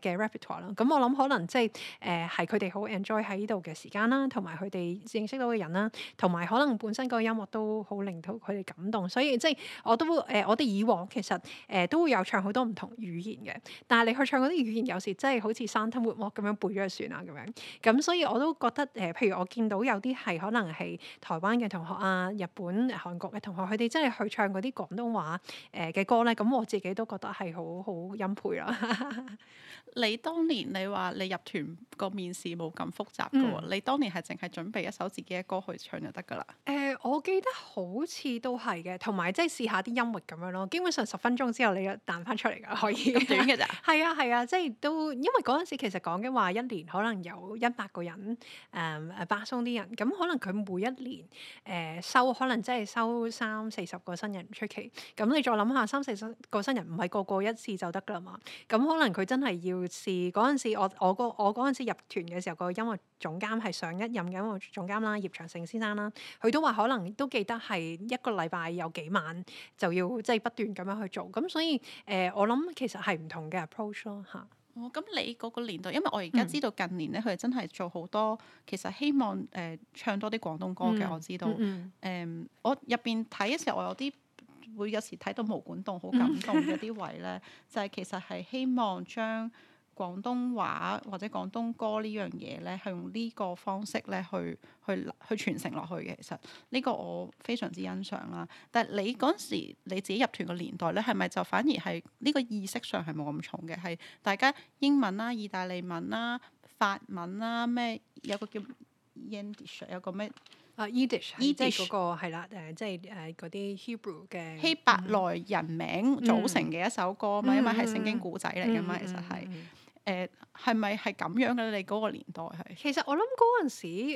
誒誒嘅 repertoire 啦。咁、嗯、我諗可能即係誒係佢哋好 enjoy 喺呢度嘅時間啦，同埋佢哋認識到嘅人啦，同埋可能本身個音樂都好令到佢哋感動。所以即係我都誒、呃，我哋以往其實誒、呃、都會有唱好多唔同語言嘅，但係你去唱嗰啲語言，有時真係好似生吞活剝咁樣背咗就算啊咁樣。咁所以我都覺得誒、呃，譬如我見到有啲係可能係台灣嘅同學啊、日本、韓國嘅同學，佢哋真係去唱嗰啲廣東話誒嘅、呃、歌咧，咁我自己都覺得係好好欽佩啦。 你當年你話你入團個面試冇咁複雜噶喎、哦，嗯、你當年係淨係準備一首自己嘅歌去唱就得噶啦。誒、呃，我記得好似都係嘅，同埋即係試下啲音域咁樣咯。基本上十分鐘之後你就彈翻出嚟噶，可以咁短嘅咋？係 啊係啊，啊，即係都因為嗰陣時其實講嘅話一年可能有一百個人，誒、嗯、誒，巴鬆啲人，咁可能佢每一年誒、呃、收，可能真係收三四十個新人出奇。咁你再諗下，三四十個新人唔係個個一次就得噶啦嘛。咁可能佢真係要試嗰陣時，我，我我個我嗰陣時入團嘅時候，個音樂總監係上一任音樂總監啦，葉長盛先生啦，佢都話可能都記得係一個禮拜有幾晚就要，即係不斷咁樣去做。咁所以誒、呃，我諗其實係唔同嘅 approach 咯嚇。哦，咁你嗰個年代，因為我而家知道近年呢，佢哋真係做好多，其實希望誒、呃、唱多啲廣東歌嘅。嗯、我知道，誒、嗯嗯嗯、我入邊睇嘅時候，我有啲會有時睇到毛管戙，好感動嘅啲位呢， 就係其實係希望將。廣東話或者廣東歌呢樣嘢呢，係用呢個方式呢去去去傳承落去嘅。其實呢個我非常之欣賞啦。但係你嗰陣時你自己入團個年代呢，係咪就反而係呢、呢個意識上係冇咁重嘅？係大家英文啦、啊、意大利文啦、啊、法文啦、啊，咩有個叫 Yiddish 有個咩啊 Yiddish 即係嗰個係啦，即係嗰啲 Hebrew 嘅希伯來人名組成嘅一首歌嘛，因為係聖經古仔嚟㗎嘛，其實係。誒係咪係咁樣嘅？你嗰個、呃、個，個年代係，其實我諗嗰陣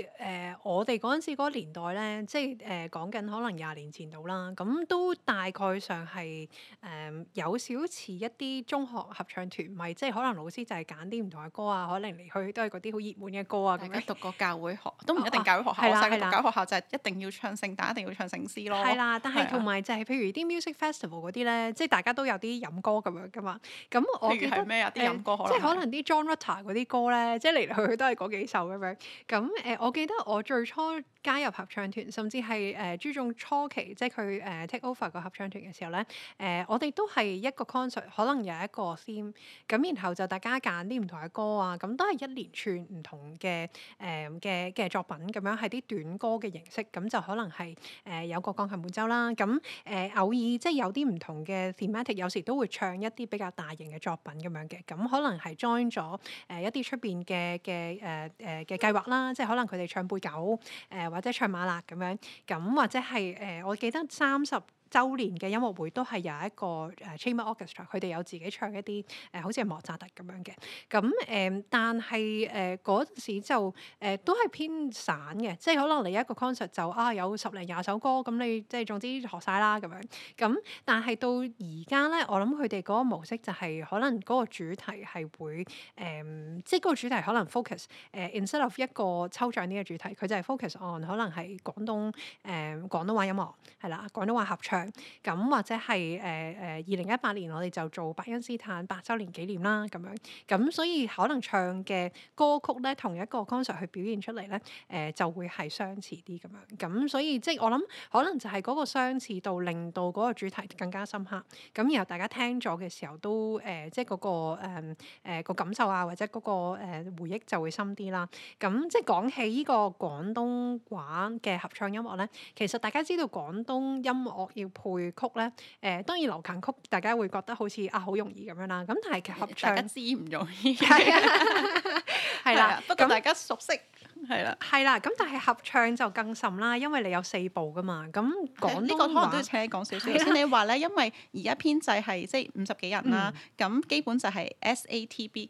時，我哋嗰陣時嗰個年代咧，即係誒講緊可能廿年前到啦，咁、嗯、都大概上係誒、嗯、有少少似一啲中學合唱團，咪即係可能老師就係揀啲唔同嘅歌啊，可能嚟去都係嗰啲好熱門嘅歌啊咁樣。讀過教會學都唔一定教會學、啊、教會學校，我細個讀教會學校就係一定要唱聖誕，一定要唱聖詩咯。係啦、啊啊啊，但係同埋就係譬如啲 music festival 嗰啲咧，即係大家都有啲飲歌咁樣噶嘛。咁我係咩啊？啲飲歌可能，即係可能。可能啲 John Rutter 啲歌咧，即係嚟嚟去去都係嗰幾首咁樣。咁誒、呃、我記得我最初加入合唱團，甚至係誒、呃、注重初期，即係佢誒 Take Over 個合唱團嘅時候咧，誒、呃、我哋都係一個 concert，可能有一個 theme。咁然後就大家揀啲唔同嘅歌啊，咁都係一連串唔同嘅誒嘅嘅作品咁樣係啲短歌嘅形式。咁就可能係誒、呃、有個鋼琴伴奏啦。咁誒、呃、偶爾即係有啲唔同嘅 thematic 有時都會唱一啲比較大型嘅作品咁樣嘅。咁可能係裝幫咗誒一啲出邊嘅嘅誒誒嘅計劃啦，即係可能佢哋唱貝九誒、呃、或者唱馬勒咁樣。咁或者係誒、呃、我記得三十周年嘅音樂會都係有一個誒 Chamber Orchestra，佢哋有自己唱一啲誒、呃、好似係莫扎特咁樣嘅。咁誒、呃、但係誒嗰陣時就誒、呃、都係偏散嘅，即係可能嚟一個 concert 就啊有十零廿首歌，咁你即係總之學晒啦咁樣，咁但係到而家咧，我諗佢哋個模式就係可能個主題係會誒、呃、即係個主題可能 focus 誒、呃、instead of 一個抽象啲嘅主題，佢就係 focus on 可能係廣東誒、呃、廣東話音樂係啦，廣東話合唱。咁或者係誒誒二零一八年我哋就做伯恩斯坦八周年紀念啦咁樣，咁所以可能唱嘅歌曲呢，同一個 concert 去表現出嚟呢，誒、呃、就會係相似啲咁樣，咁所以即係我諗，可能就係嗰個相似度令到嗰個主題更加深刻，咁然後大家聽咗嘅時候都誒、呃，即係、那、嗰個誒誒、呃呃、感受啊，或者嗰、那個、呃、回憶就會深啲啦。咁即係講起呢個廣東話嘅合唱音樂呢，其實大家知道廣東音樂要配曲呢，誒當然流行曲，大家會覺得好似啊好容易咁樣啦。咁但係其實合唱，大家知唔容易係啦。不過大家熟悉係啦，係啦。咁但係合唱就更甚啦，因為你有四部噶嘛。咁講呢個都要請你講少少。首先你話呢，因為而家編制係即係五十幾人啦，咁基本就係 SATB，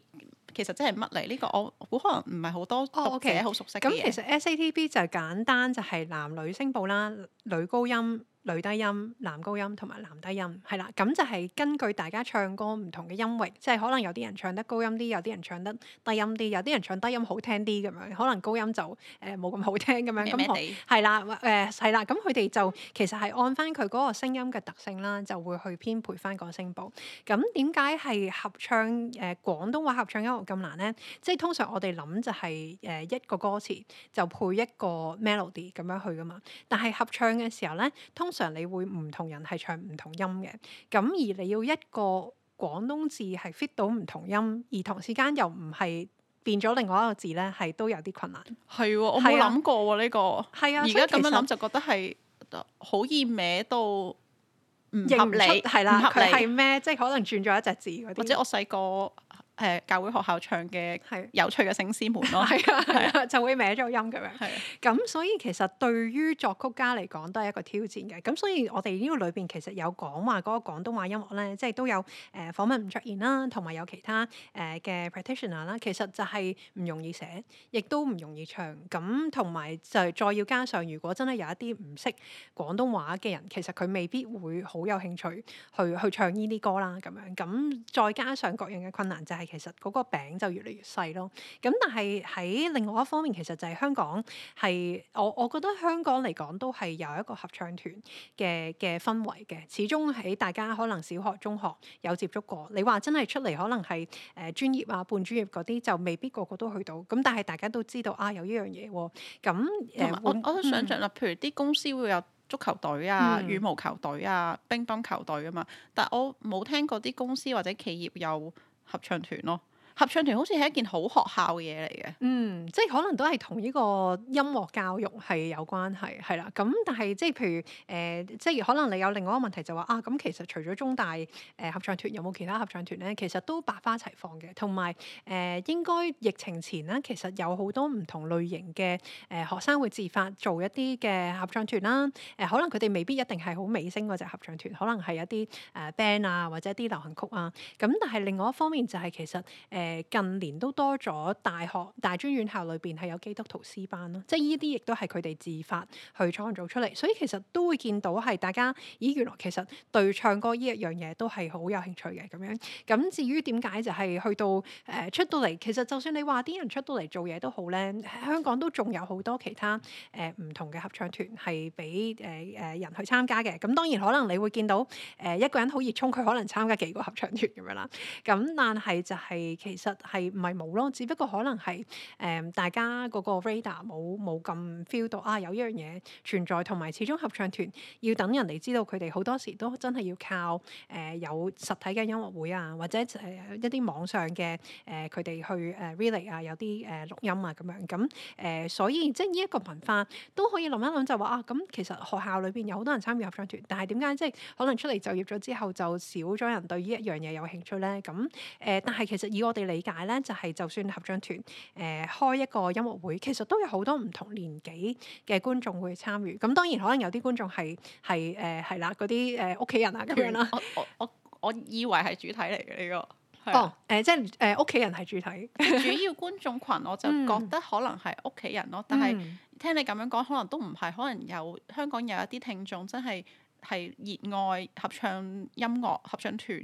其實即係乜嚟？呢個我估可能唔係好多讀者好熟悉。咁其實 SATB 就係簡單，就係男女聲部啦，女高音、女低音、男高音同埋男低音，係啦，咁就係根據大家唱歌唔同嘅音域，即係可能有啲人唱得高音啲，有啲人唱得低音啲，有啲人唱低音好聽啲咁樣，可能高音就誒冇咁好聽咁樣。咁我係啦，誒係啦，咁佢哋就其實係按翻佢嗰個聲音嘅特性啦，就會去編配翻個聲部。咁點解係合唱誒、呃、廣東話合唱音樂咁難呢？即係通常我哋諗就係誒一個歌詞就配一個 melody 咁樣去噶嘛，但係合唱嘅時候呢。通通常你會唔同人係唱唔同音嘅，咁而你要一個廣東字係 fit 到唔同音，而同時間又唔係變咗另外一個字呢，係都有啲困難。係、啊，我冇諗過呢、啊啊呢個。係啊，而家咁樣諗實就覺得係好易歪到唔合理。係啦，佢係咩？即係、就是、可能轉咗一隻字，或者我細個。誒、呃、教會學校唱嘅有趣嘅聖詩們咯，係啊，就會歪咗音咁樣。咁、啊、所以其實對於作曲家嚟講都係一個挑戰嘅。咁所以我哋呢個裏邊其實有講話嗰個廣東話音樂呢，即係都有誒、呃、訪問伍卓賢啦，同埋有其他誒嘅、呃呃、practitioner 啦。其實就係唔容易寫，亦都唔容易唱。咁同埋就係再要加上，如果真係有一啲唔識廣東話嘅人，其實佢未必會好有興趣去去,去唱呢啲歌啦。咁樣咁再加上各樣嘅困難就係、是。其實嗰個餅就越嚟越細咯。咁但係喺另外一方面，其實就係香港係我我覺得香港嚟講都係有一個合唱團嘅嘅氛圍嘅。始終喺大家可能小學、中學有接觸過。你話真係出嚟可能係誒、呃、專業啊、半專業嗰啲就未必個個都去到。咁但係大家都知道啊，有呢樣嘢喎。咁同、呃、我我都想像啦，嗯、譬如啲公司會有足球隊啊、嗯、羽毛球隊啊、乒乓球隊啊嘛。但我冇聽過啲公司或者企業有合唱團咯。合唱團好似係一件好學校嘅嘢嚟嘅，嗯，即係可能都係同呢個音樂教育係有關係，係啦。咁但係即係譬如誒、呃，即係可能你有另外一個問題就話啊，咁、嗯、其實除咗中大誒、呃、合唱團，有冇其他合唱團呢？其實都百花齊放嘅，同埋誒應該疫情前呢，其實有好多唔同類型嘅誒、呃、學生會自發做一啲嘅合唱團啦。誒、呃、可能佢哋未必一定係好美聲嗰隻合唱團，可能係一啲誒、呃、band 啊，或者啲流行曲啊。咁、嗯、但係另外一方面就係、是、其實誒。呃誒近年都多咗大學、大專院校裏邊係有基督徒師班啦，即係呢啲亦都係佢哋自發去創造出嚟，所以其實都會見到係大家，咦，原來其實對唱歌呢一樣嘢都係好有興趣嘅咁樣。咁至於點解就係、是、去到誒、呃、出到嚟，其實就算你話啲人出到嚟做嘢都好咧，喺香港都仲有好多其他誒呃、唔同嘅合唱團係俾誒誒人去參加嘅。咁當然可能你會見到誒、呃、一個人好熱衷，佢可能參加幾個合唱團咁樣啦。咁但係就係、是、其。其實係唔係冇咯？只不過可能係誒、呃、大家嗰個 radar 冇冇咁 feel 到啊，有一樣嘢存在，同埋始終合唱團要等人哋知道佢哋好多時都真係要靠誒、呃、有實體嘅音樂會啊，或者誒、呃、一啲網上嘅誒佢哋去誒 really 啊，有啲誒、呃、錄音啊，咁樣咁誒、呃，所以即係呢一個文化都可以諗一諗、就是，就話啊，咁、嗯、其實學校裏邊有好多人參與合唱團，但係點解即係可能出嚟就業咗之後就少咗人對呢一樣嘢有興趣咧？咁誒、呃，但係其實以我哋理解咧，就係、是、就算合唱團誒、呃、開一個音樂會，其實都有好多唔同年紀嘅觀眾會參與。咁當然可能有啲觀眾係係誒係啦，嗰啲誒屋企人啊咁樣啦。我我我我以為係主體嚟嘅呢個。哦，誒、啊呃、即係誒屋企人係主體。主要觀眾群，我就覺得可能係屋企人咯。 嗯、但係聽你咁樣講，可能都唔係，可能有香港有一啲聽眾真係。係熱愛合唱，音樂合唱團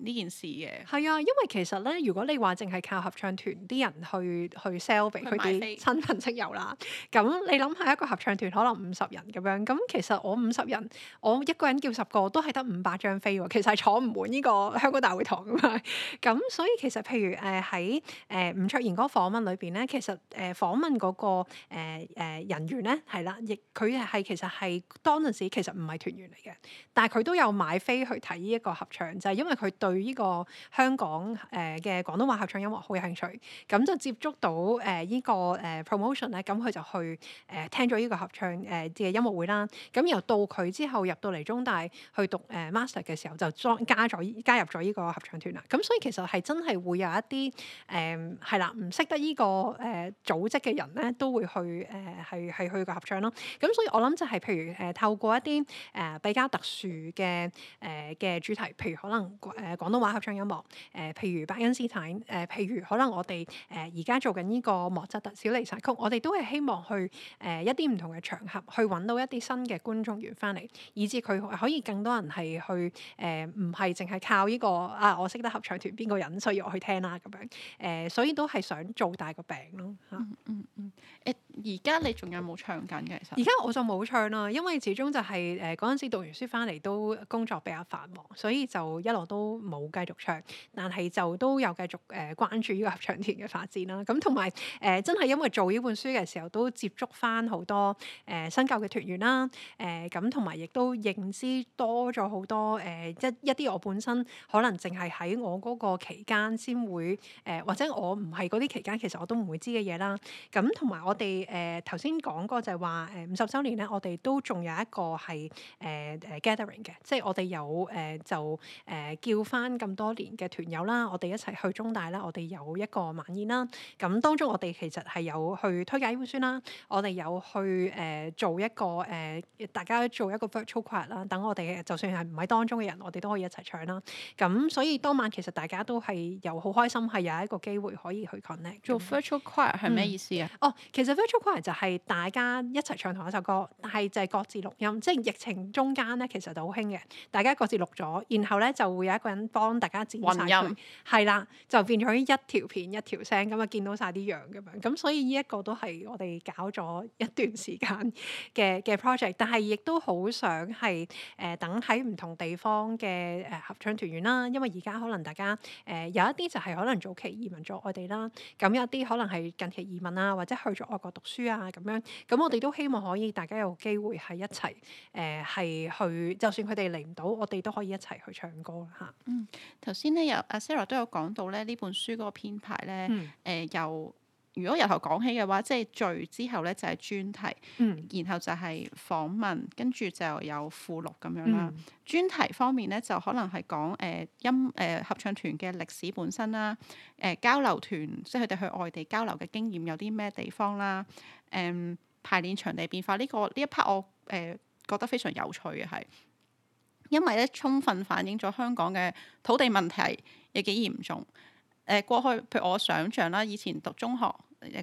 呢件事嘅，係啊，因為其實咧，如果你話淨係靠合唱團啲人去去 sell 俾佢哋，親朋戚友啦，咁你諗下一個合唱團可能五十人咁樣，咁其實我五十人，我一個人叫十個都係得五百張飛喎，其實係坐唔滿呢個香港大會堂啊嘛，咁 所以其實譬如誒喺誒吳卓賢嗰訪問裏邊咧，其實誒、呃、訪問嗰、那個誒誒、呃呃、人員咧係啦，亦佢係其實係當陣時其實唔係團員嚟。但係佢都有買飛去睇呢一個合唱，就係、是、因為佢對呢個香港誒嘅廣東話合唱音樂好有興趣，咁就接觸到誒呢個誒 promotion 咧，咁佢就去誒聽咗呢個合唱誒誒嘅音樂會啦。咁然後到佢之後入到嚟中大去讀誒 master 嘅時候就，就裝加咗加入咗呢個合唱團啦。咁所以其實係真係會有一啲誒係啦，唔、嗯、識得呢個誒組織嘅人咧，都會去誒係係去，去，去個合唱咯。咁所以我諗就係譬如誒透過一啲誒，呃加特殊嘅誒嘅主題，譬如可能誒、呃、廣東話合唱音樂，誒、呃、譬如伯恩斯坦，誒、呃、譬如可能我哋誒而家做緊呢個莫扎特小彌撒曲，我哋都係希望去誒、呃、一啲唔同嘅場合去揾到一啲新嘅觀眾源翻嚟，以至佢可以更多人係去誒，唔係淨係靠呢、呢個啊，我識得合唱團邊個人所以我去聽啦咁樣誒、呃，所以都係想做大個餅咯嚇、啊嗯。嗯，嗯而家你仲有冇唱緊嘅？其實而家我就冇唱啦，因為始終就係誒嗰陣時讀完書翻嚟都工作比較繁忙，所以就一路都冇繼續唱。但係就都有繼續誒、呃、關注呢個合唱團嘅發展啦。咁同埋誒真係因為做呢本書嘅時候都接觸翻好多誒、呃、新舊嘅團員啦。誒咁同埋亦都認知多咗好多誒、呃、一一啲我本身可能淨係喺我嗰個期間先會誒、呃、或者我唔係嗰啲期間，其實我都唔會知嘅嘢啦。咁同埋我哋。誒頭先講過就係話誒五十週年咧，我哋都仲有一個係誒誒 gathering 嘅，即係我哋有誒、呃、就誒、呃、叫翻咁多年嘅團友啦，我哋一齊去中大啦，我哋有一個晚宴啦。咁當中我哋其實係有去推介呢本書啦，我哋有去誒、呃、做一個誒、呃、大家做一個 virtual choir 啦，等我哋就算係唔喺當中嘅人，我哋都可以一齊唱啦。咁所以當晚其實大家都係有好開心，係有一個機會可以去 connect，做 virtual choir 係咩意思啊、嗯？哦，其實 virtual 出關，就係大家一齊唱同一首歌，但係就係各自錄音，即係疫情中間咧，其實就好興嘅，大家各自錄咗，然後咧就會有一個人幫大家剪曬佢，係啦， 就變咗一條片一條聲咁啊，見到晒啲樣咁樣，咁所以呢一個都係我哋搞咗一段時間嘅嘅 project，但係亦都好想係誒、呃、等喺唔同地方嘅誒、呃、合唱團員啦，因為而家可能大家誒、呃、有一啲就係可能早期移民咗外地啦，咁有啲可能係近期移民啊，或者去咗外國讀。書、嗯、啊咁樣，咁我哋都希望可以大家有機會係一齊，誒係去，就算佢哋嚟唔到，我哋都可以一齊去唱歌啦吓。頭先咧由阿 Sarah 都有講到咧呢本書嗰個編排呢，誒又、嗯。呃如果由頭講起嘅話，即係序之後咧就係、是、專題，嗯、然後就係訪問，跟住就有附錄咁樣啦。嗯、專題方面咧就可能係講誒音誒、呃、合唱團嘅歷史本身啦，誒、呃、交流團即係佢哋去外地交流嘅經驗有啲咩地方啦，誒、呃、排練場地變化呢、這個呢一 part 我誒、呃、覺得非常有趣嘅係，因為咧充分反映咗香港嘅土地問題有幾嚴重。誒過去譬如我想象啦，以前讀中學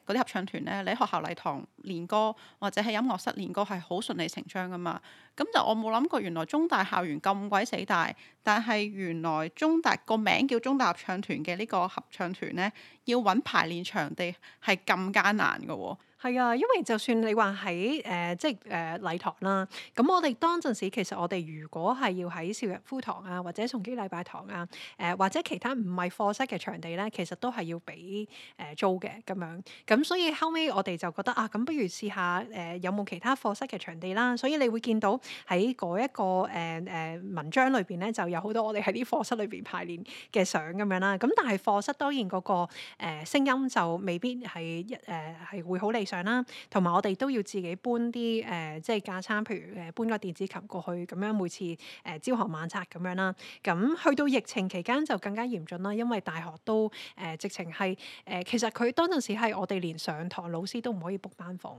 嗰啲合唱團呢，你喺學校禮堂練歌或者喺音樂室練歌係好順理成章㗎嘛，咁就我冇諗過原來中大校園咁鬼死大，但係原來中大個名叫中大合唱團嘅呢個合唱團呢，要搵排練場地係咁艱難㗎喎、哦。係啊、嗯，因為就算你話喺誒即係誒、呃、禮堂啦，咁我哋當陣時其實我哋如果係要喺邵逸夫堂啊，或者崇基禮拜堂啊，誒、呃、或者其他唔係課室嘅場地呢，其實都係要俾誒、呃、租嘅咁樣。咁所以後尾我哋就覺得啊，咁不如試下誒、呃、有冇其他課室嘅場地啦。所以你會見到喺嗰一個誒誒、呃、文章裏邊呢，就有好多我哋喺啲課室裏邊排練嘅相咁樣啦。咁但係課室當然嗰個誒聲音就未必係一誒係會好理上啦，同埋我哋都要自己搬啲誒、呃，即係架撐，譬如誒搬個電子琴過去，咁樣每次誒朝行晚拆咁樣啦。咁去到疫情期間就更加嚴峻啦，因為大學都誒、呃、直情係誒，其實佢當陣時係我哋連上堂老師都唔可以 book 班房。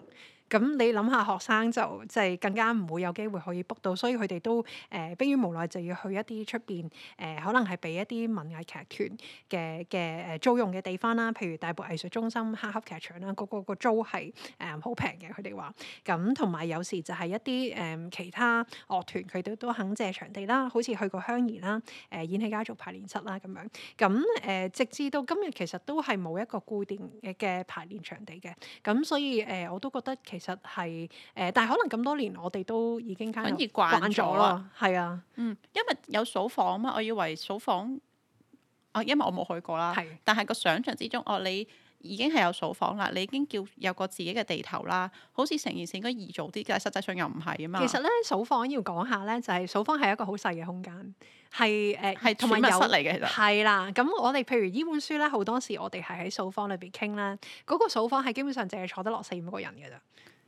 咁你諗下學生就就係更加唔會有機會可以 book 到，所以佢哋都誒、呃，迫於無奈就要去一啲出邊誒可能係俾一啲文藝劇團嘅嘅誒租用嘅地方啦，譬如大埔藝術中心、黑盒劇場啦，嗰個個、嗰個租係誒好平嘅，佢哋話咁同埋有時就係一啲誒、嗯、其他樂團佢哋都肯借場地啦，好似去過香園啦、誒、呃、演戲家族排練室啦咁樣咁誒、呃、直至到今日其實都係冇一個固定嘅嘅排練場地嘅。咁所以誒、呃、我都覺得其實。其實係誒、呃，但係可能咁多年，我哋都已經習慣咗啦。係啊，嗯，因為有數房啊嘛，我以為數房，我、啊、因為我冇去過啦。是但係個想象之中，哦，你已經係有數房啦，你已經叫有個自己嘅地頭啦，好似成件事應該易做啲，但係實際上又唔係啊嘛，其呢、就是呃。其實咧數房要講下咧，就係數房係一個好細嘅空間，係誒係，同埋密室嚟嘅，其實係啦。咁我哋譬如依本書咧，好多時我哋係喺數房裏邊傾啦，嗰、那個數房係基本上淨係坐得落四五個人嘅咋。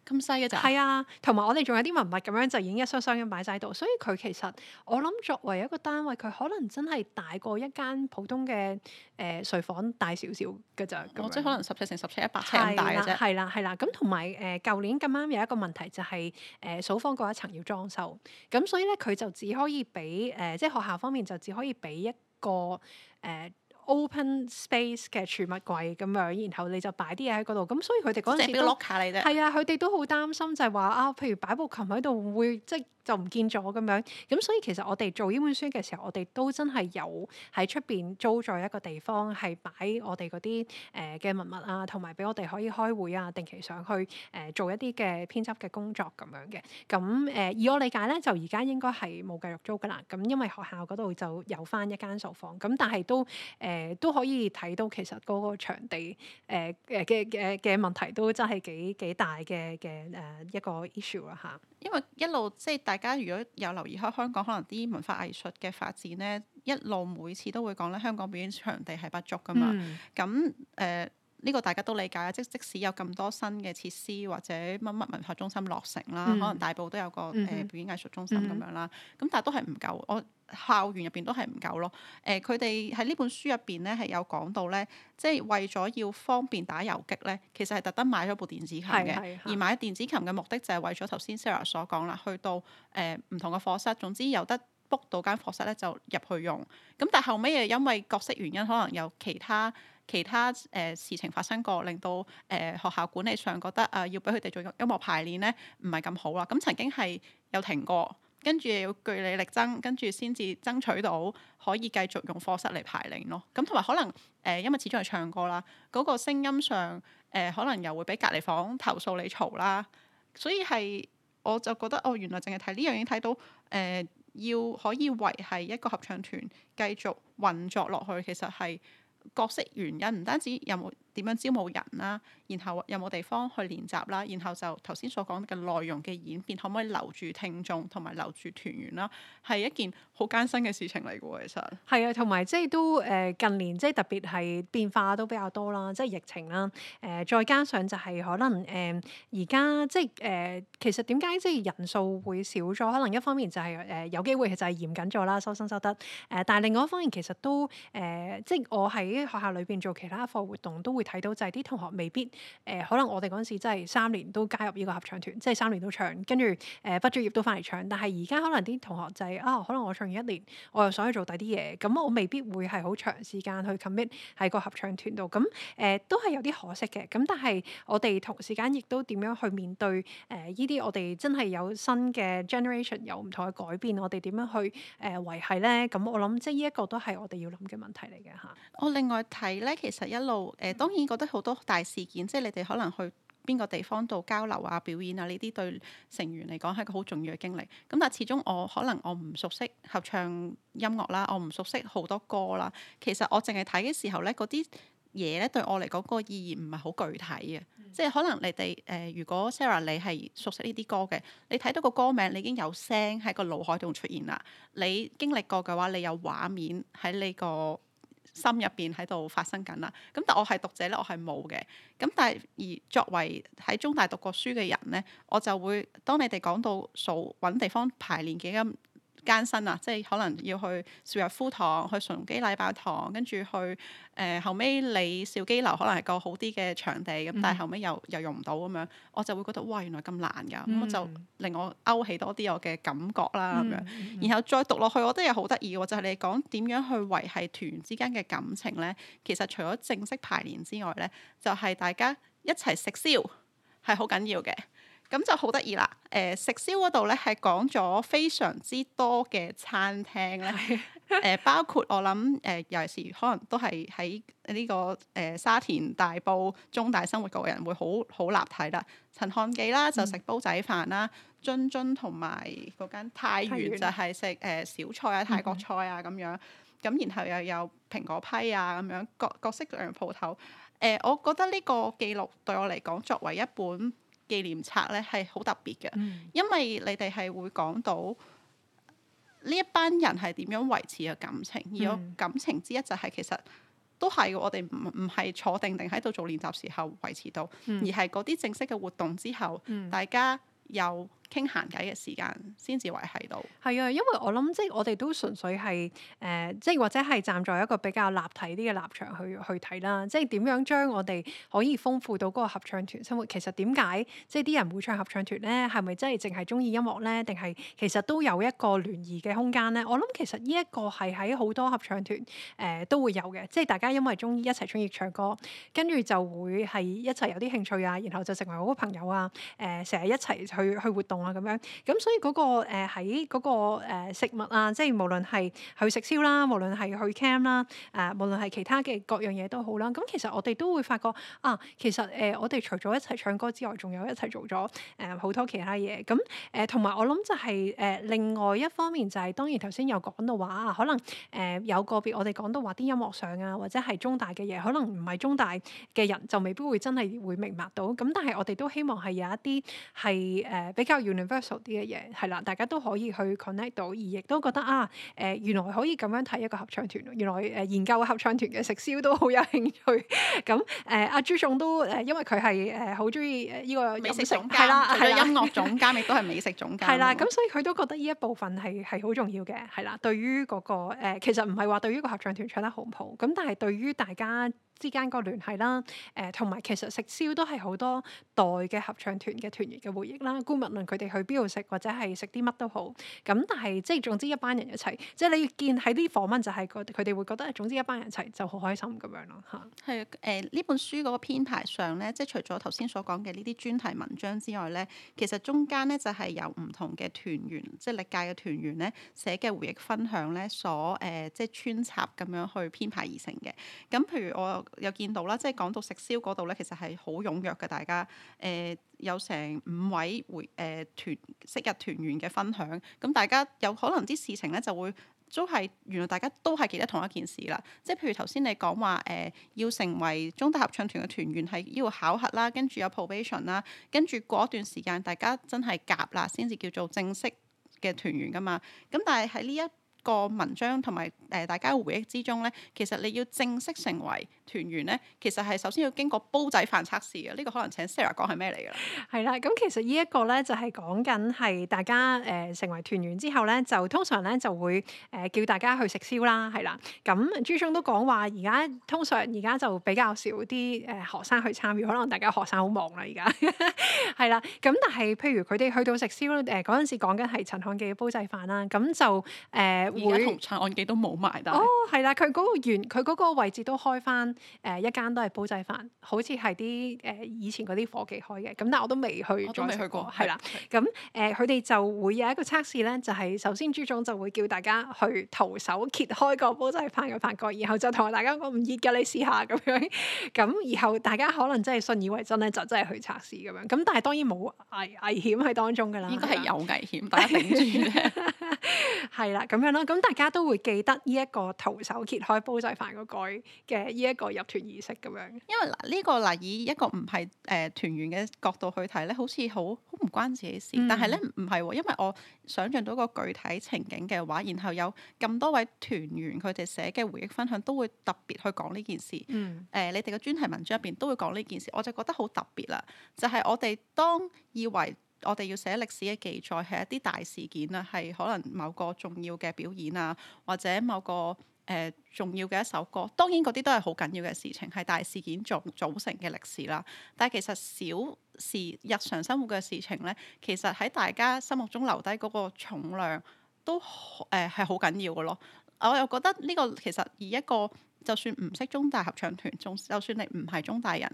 咁細嘅咋？係啊，同埋我哋仲有啲文物咁樣就已經一箱箱咁擺晒喺度，所以佢其實我諗作為一個單位，佢可能真係大過一間普通嘅誒、呃、睡房大少少嘅咋。咁，即係可能十尺乘十尺一百尺咁大嘅啫。係啦係啦，咁同埋誒舊年咁啱有一個問題就係、是、誒、呃、數方嗰一層要裝修，咁所以咧佢就只可以俾誒、呃，即係學校方面就只可以俾一個誒。呃 Open space 嘅儲物櫃咁樣，然後你就擺啲嘢喺嗰度，咁所以佢哋嗰陣時都係啊，佢哋都好擔心就係話啊，譬如擺部琴喺度會即就唔見咗咁樣，咁所以其實我哋做呢本書嘅時候，我哋都真係有喺出邊租咗一個地方，係擺我哋嗰啲誒嘅文物啊，同埋俾我哋可以開會啊，定期上去誒、呃、做一啲嘅編輯嘅工作咁樣嘅。咁誒、呃、以我理解咧，就而家應該係冇繼續租㗎啦。咁、嗯、因為學校嗰度就有翻一間書房，咁、嗯、但係都誒、呃、都可以睇到，其實嗰個場地誒嘅嘅嘅問題都真係幾幾大嘅嘅誒一個 issue 啦、啊、吓，因為一路即係大、就是。大家如果有留意開香港，可能啲文化藝術嘅發展咧，一路每次都會講咧，香港表演場地係不足噶嘛。咁誒、嗯。呃呢個大家都理解，即即使有咁多新嘅設施或者乜乜文化中心落成啦，嗯、可能大埔都有個誒表演藝術中心咁樣啦。咁、嗯、哼但係都係唔夠，我校園入邊都係唔夠咯。誒、呃，佢哋喺呢本書入邊咧係有講到咧，即、就、係、是、為咗要方便打遊擊咧，其實係特登買咗部電子琴嘅，是是是是而買電子琴嘅目的就係為咗頭先 Sarah 所講啦，去到誒唔、呃、同嘅課室，總之有得 book 到間課室咧就入去用。咁但係後尾誒因為角色原因，可能有其他。其他誒、呃、事情發生過，令到誒、呃、學校管理上覺得啊，要俾佢哋做音樂排練咧，唔係咁好啦。咁、啊、曾經係有停過，跟住要據理力爭，跟住先至爭取到可以繼續用課室嚟排練咯。咁同埋可能誒、呃，因為始終係唱歌啦，嗰、那個聲音上誒、呃，可能又會俾隔離房投訴你嘈啦。所以係我就覺得哦，原來淨係睇呢樣嘢睇到誒、呃，要可以維繫一個合唱團繼續運作落去，其實係。角色，原因唔單止有冇，點樣招募人啦？然後有冇地方去練習啦？然後就頭先所講嘅內容嘅演變，可唔可以留住聽眾同埋留住團員啦？係一件好艱辛嘅事情嚟嘅喎，其實係啊，同埋即係都誒近年即係特別係變化都比較多啦，即係疫情啦誒，再加上就係可能誒而家即係誒其實點解即係人數會少咗？可能一方面就係誒有機會就係嚴謹咗啦，收生收得誒，但係另外一方面其實都誒即係我喺學校裏邊做其他課活動都會。睇到就係啲同學未必誒、呃，可能我哋嗰陣時真係三年都加入依個合唱團，即係三年都唱，跟住誒畢咗業都翻嚟唱。但係而家可能啲同學就係、是、啊，可能我唱完一年，我又想去做第啲嘢，咁、嗯、我未必會係好長時間去 commit 喺個合唱團度。咁、嗯、誒、呃、都係有啲可惜嘅。咁、嗯、但係我哋同時間亦都點樣去面對誒依啲我哋真係有新嘅 generation 有唔同嘅改變，我哋點樣去誒、呃、維繫呢？咁、嗯、我諗即係呢一個都係我哋要諗嘅問題嚟嘅吓。嗯、我另外睇呢，其實一路誒當。呃已經覺得好多大事件，即係你哋可能去邊個地方度交流啊、表演啊呢啲，對成員嚟講係個好重要嘅經歷。咁但係始終我可能我唔熟悉合唱音樂啦，我唔熟悉好多歌啦。其實我淨係睇嘅時候咧，嗰啲嘢咧對我嚟講個意義唔係好具體嘅。嗯、即係可能你哋誒、呃，如果 Sarah 你係熟悉呢啲歌嘅，你睇到個歌名，你已經有聲喺個腦海度出現啦。你經歷過嘅話，你有畫面喺呢個。心入邊喺度發生緊啦，咁但我係讀者咧，我係冇嘅。咁但係而作為喺中大讀過書嘅人咧，我就會當你哋講到數揾地方排練嘅咁。艱辛啊，即係可能要去邵逸夫堂，去崇基禮拜堂，跟住去誒、呃、後尾，你少基樓，可能係個好啲嘅場地，咁、嗯、但係後尾又又用唔到咁樣，我就會覺得哇，原來咁難㗎，咁、嗯、就令我勾起多啲我嘅感覺啦咁、嗯、樣，然後再讀落去我都係好得意喎，就係、是、你講點樣去維係團之間嘅感情咧，其實除咗正式排練之外咧，就係、是、大家一齊食燒係好緊要嘅。咁就好得意啦！誒、呃、食燒嗰度咧，係講咗非常之多嘅餐廳咧。誒是的笑包括我諗誒、呃，尤其是可能都係喺呢個誒、呃、沙田大埔中大生活過嘅人會好好立體啦。陳漢記啦，就食煲仔飯啦，嗯、津津同埋嗰間泰源就係食誒小菜啊、泰國菜啊咁樣。咁、嗯、然後又有蘋果批啊咁樣，各各式各樣鋪頭。誒、呃，我覺得呢個記錄對我嚟講作為一本。紀念冊咧係好特別嘅，嗯、因為你哋係會講到呢一班人係點樣維持嘅感情，嗯、而感情之一就係其實都係我哋唔唔係坐定定喺度做練習時候維持到，嗯、而係嗰啲正式嘅活動之後，嗯、大家又，傾閒偈嘅時間先至維繫到，係啊，因為我諗即係我哋都純粹係誒、呃，即係或者係站在一個比較立體啲嘅立場去去睇啦，即係點樣將我哋可以豐富到嗰個合唱團生活。其實點解即係啲人會唱合唱團呢？係咪真係淨係中意音樂呢？定係其實都有一個聯誼嘅空間呢？我諗其實呢一個係喺好多合唱團誒、呃、都會有嘅，即係大家因為中意一齊中意唱歌，跟住就會係一齊有啲興趣啊，然後就成為好多朋友啊，誒、成日一齊去去活動。啊咁樣，咁、嗯、所以嗰、那個喺嗰、呃那個、呃、食物啊，即係無論係去食宵啦，無論係去 camp 啦，誒、呃、無論係其他嘅各樣嘢都好啦。咁、嗯、其實我哋都會發覺啊，其實誒、呃、我哋除咗一齊唱歌之外，仲有一齊做咗誒好多其他嘢。咁誒同埋我諗就係、是、誒、呃、另外一方面就係、是、當然頭先有講到話可能誒、呃、有個別我哋講到話啲音樂上啊，或者係中大嘅嘢，可能唔係中大嘅人就未必會真係會明白到。咁、嗯、但係我哋都希望係有一啲係誒比較要 universal 啲嘅嘢係啦，大家都可以去 connect 到，而亦都覺得啊，誒、呃、原來可以咁樣睇一個合唱團，原來誒、呃、研究合唱團嘅食宵都好有興趣。咁誒阿朱總都誒、呃，因為佢係誒好中意依個食美食總監，佢嘅音樂總監亦都係美食總監。係啦，咁所以佢都覺得依一部分係係好重要嘅，係啦，對於嗰、那個誒、呃，其實唔係話對於個合唱團唱得好唔好，咁但係對於大家。之間個聯繫啦，誒同埋其實食宵都係好多代嘅合唱團嘅團員嘅回憶啦。姑勿論，佢哋去邊度食或者係食啲乜都好，咁但係即係總之一班人一齊，即係你見喺啲訪問就係佢哋會覺得總之一班人一齊就好開心咁樣咯嚇。係誒呢本書嗰個編排上咧，即係除咗頭先所講嘅呢啲專題文章之外咧，其實中間咧就係有唔同嘅團員，即係歷屆嘅團員咧寫嘅回憶分享咧，所誒、呃、即係穿插咁樣去編排而成嘅。咁譬如我。有見到啦，即係講到食宵嗰度呢，其實係好踴躍嘅。大家誒、呃、有成五位回誒、呃、團昔日團員嘅分享，咁大家有可能啲事情呢，就會都係原來大家都係記得同一件事啦。即係譬如頭先你講話誒要成為中大合唱團嘅團員係要考核啦，跟住有 probation 啦，跟住過一段時間大家真係夾啦，先至叫做正式嘅團員㗎嘛。咁但係喺呢一個文章同埋誒大家嘅回憶之中呢，其實你要正式成為團員咧，其實係首先要經過煲仔飯測試嘅，呢、這個可能請 Sarah 講係咩嚟㗎啦？係啦，咁其實呢一個咧就係講緊係大家誒、呃、成為團員之後咧，就通常咧就會誒、呃、叫大家去食燒啦，係啦。咁朱總都講話，而家通常而家就比較少啲誒學生去參與，可能大家學生好忙啦、啊，而家係啦。咁 但係譬如佢哋去到食燒誒嗰陣時，講緊係陳漢記嘅煲仔飯啦，咁就誒會而家同陳漢記都冇埋㗎。哦，係啦，佢嗰個佢嗰個位置都開翻。誒一間都係煲仔飯，好似係啲誒以前嗰啲伙計開嘅，咁但我都未去，我都未去過，係啦。咁誒佢哋就會有一個測試咧，就係、是、首先朱總就會叫大家去徒手揭開個煲仔飯嘅飯蓋，然後就同大家講唔熱㗎，你試下咁樣。咁然後大家可能真係信以為真咧，就真係去測試咁樣。咁但係當然冇危危險喺當中㗎啦，應該係有危險，是的 大家頂住係啦， 咁樣咯。咁大家都會記得呢一個徒手揭開煲仔飯個蓋嘅、這個蓋嘅依一個。入團儀式咁樣，因為嗱、這、呢個嗱以一個唔係誒團員嘅角度去睇咧，好似好好唔關自己事。嗯、但係咧唔係，因為我想像到個具體情景嘅話，然後有咁多位團員佢哋寫嘅回憶分享，都會特別去講呢件事。誒、嗯呃，你哋嘅專題文章入邊都會講呢件事，我就覺得好特別啦。就係、是、我哋當以為我哋要寫歷史嘅記載係一啲大事件啊，係可能某個重要嘅表演啊，或者某個。誒、呃、重要嘅一首歌，當然嗰啲都係好緊要嘅事情，係大事件組組成嘅歷史啦。但係其實小事、日常生活嘅事情呢，其實喺大家心目中留低嗰個重量都誒係好緊要嘅咯。我又覺得呢個其實以一個就算唔識中大合唱團，仲就算你唔係中大人。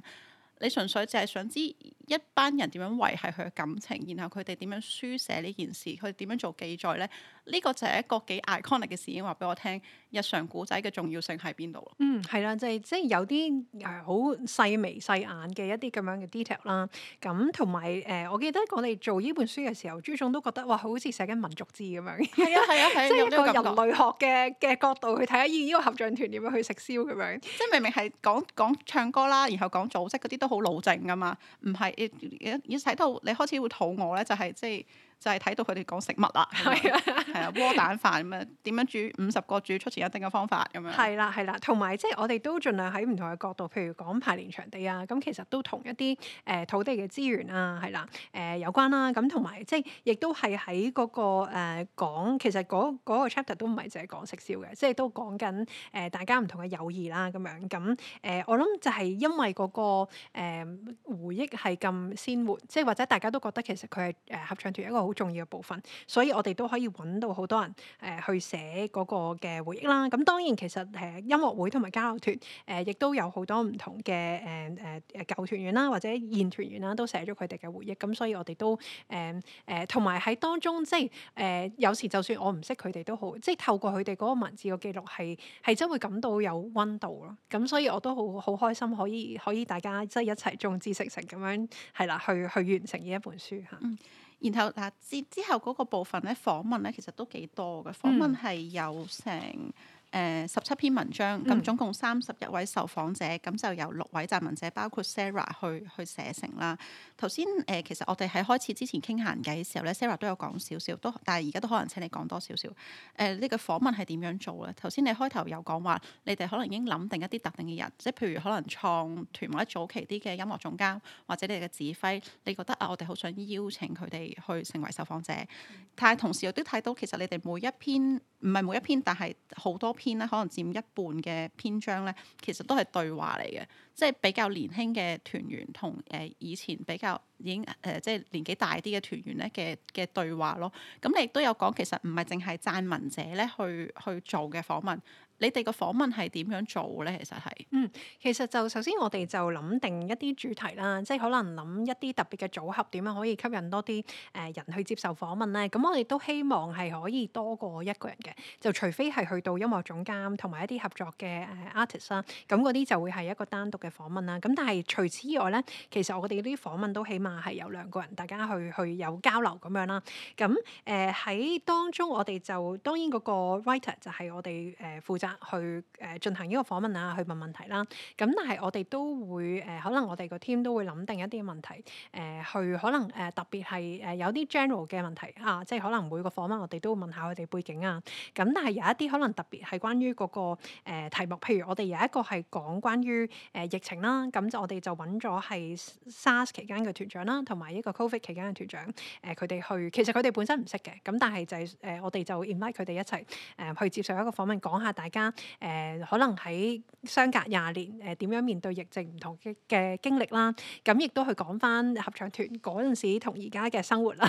你純粹就係想知一班人點樣維繫佢嘅感情，然後佢哋點樣書寫呢件事，佢點樣做記載咧？呢個就係一個幾 iconic 嘅事件，應話俾我聽。日常古仔嘅重要性喺邊度咯？嗯，係啦，就係、是、即係有啲誒好細微細眼嘅一啲咁樣嘅 detail 啦。咁同埋誒，我記得我哋做呢本書嘅時候，朱總都覺得哇，好似寫緊民族誌咁樣。係啊係啊，即係用個人類學嘅嘅角度去睇下依個合唱團點樣去食燒咁樣。即係明明係講講唱歌啦，然後講組織嗰啲都。好老靜噶嘛，唔係，要要睇到你開始會肚餓咧，就係即係。就係睇到佢哋講食物啦，係啊，係 啊，窩蛋飯咁樣，點樣煮五十個煮出前一丁嘅方法咁樣。係啦，係啦，同埋即係我哋都盡量喺唔同嘅角度，譬如講排練場地啊，咁其實都同一啲誒、呃、土地嘅資源啊，係啦、啊，誒、呃、有關啦、啊，咁同埋即係亦都係喺嗰個誒、呃、講，其實嗰、那、嗰、個那個 chapter 都唔係淨係講食少嘅，即、就、係、是、都講緊誒、呃、大家唔同嘅友誼啦咁樣。咁、呃、誒我諗就係因為嗰、那個誒、呃、回憶係咁鮮活，即、就、係、是、或者大家都覺得其實佢係誒合唱團一個好好重要嘅部分，所以我哋都可以揾到好多人誒去寫嗰個嘅回憶啦。咁當然，其實誒音樂會同埋交流團誒，亦都有好多唔同嘅誒誒誒舊團員啦，或者現團員啦，都寫咗佢哋嘅回憶。咁所以我哋都誒誒，同埋喺當中即係誒，有時就算我唔識佢哋都好，即係透過佢哋嗰個文字嘅記錄，係係真會感到有溫度咯。咁所以我都好好開心，可以可以大家即係一齊眾志成城咁樣係啦，去去完成呢一本書吓。然後嗱，之之後嗰個部分咧，訪問咧，其實都幾多㗎，訪問係有成。誒十七篇文章，咁、嗯、總共三十一位受訪者，咁就由六位撰文者，包括 Sarah 去去寫成啦。頭先誒，其實我哋喺開始之前傾閒偈嘅時候咧 ，Sarah 都有講少少，都但係而家都可能請你講多少少誒呢個訪問係點樣做咧？頭先你開頭有講話，你哋可能已經諗定一啲特定嘅人，即係譬如可能創團或者早期啲嘅音樂總監或者你哋嘅指揮，你覺得啊，我哋好想邀請佢哋去成為受訪者，但係同時有啲睇到其實你哋每一篇。唔係每一篇，但係好多篇咧，可能佔一半嘅篇章咧，其實都係對話嚟嘅，即係比較年輕嘅團員同誒以前比較已經誒、呃、即係年紀大啲嘅團員咧嘅嘅對話咯。咁你亦都有講，其實唔係淨係撰文者咧去去做嘅訪問。你哋個訪問係點樣做咧？其實係嗯，其實就首先我哋就諗定一啲主題啦，即係可能諗一啲特別嘅組合，點樣可以吸引多啲誒、呃、人去接受訪問咧？咁、嗯、我哋都希望係可以多過一個人嘅，就除非係去到音樂總監同埋一啲合作嘅誒 artist 啦，咁、呃、嗰啲就會係一個單獨嘅訪問啦。咁、嗯、但係除此以外咧，其實我哋啲訪問都起碼係有兩個人，大家去去有交流咁樣啦。咁、嗯、誒。喺、呃、當中我哋就當然嗰個 writer 就係我哋誒、呃、負責。去誒進行呢個訪問啊，去問問題啦。咁但係我哋都會，誒、呃，可能我哋個 team 都會諗定一啲問題，誒、呃，去可能誒、呃、特別係誒有啲 general 嘅問題啊，即係可能每個訪問我哋都會問下佢哋背景啊。咁但係有一啲可能特別係關於嗰個誒題目，譬如我哋有一個係講關於誒疫情啦，咁就我哋就揾咗係 SARS 期間嘅團長啦，同埋呢個 COVID 期間嘅團長，誒、呃，佢哋去其實佢哋本身唔識嘅，咁但係就係誒、呃、我哋就 invite 佢哋一齊誒、呃、去接受一個訪問，講下大家。啊、嗯，可能喺相隔廿年誒點、啊、樣面對疫情唔同嘅嘅經歷啦，咁、啊、亦都去講翻合唱團嗰陣時同而家嘅生活啦，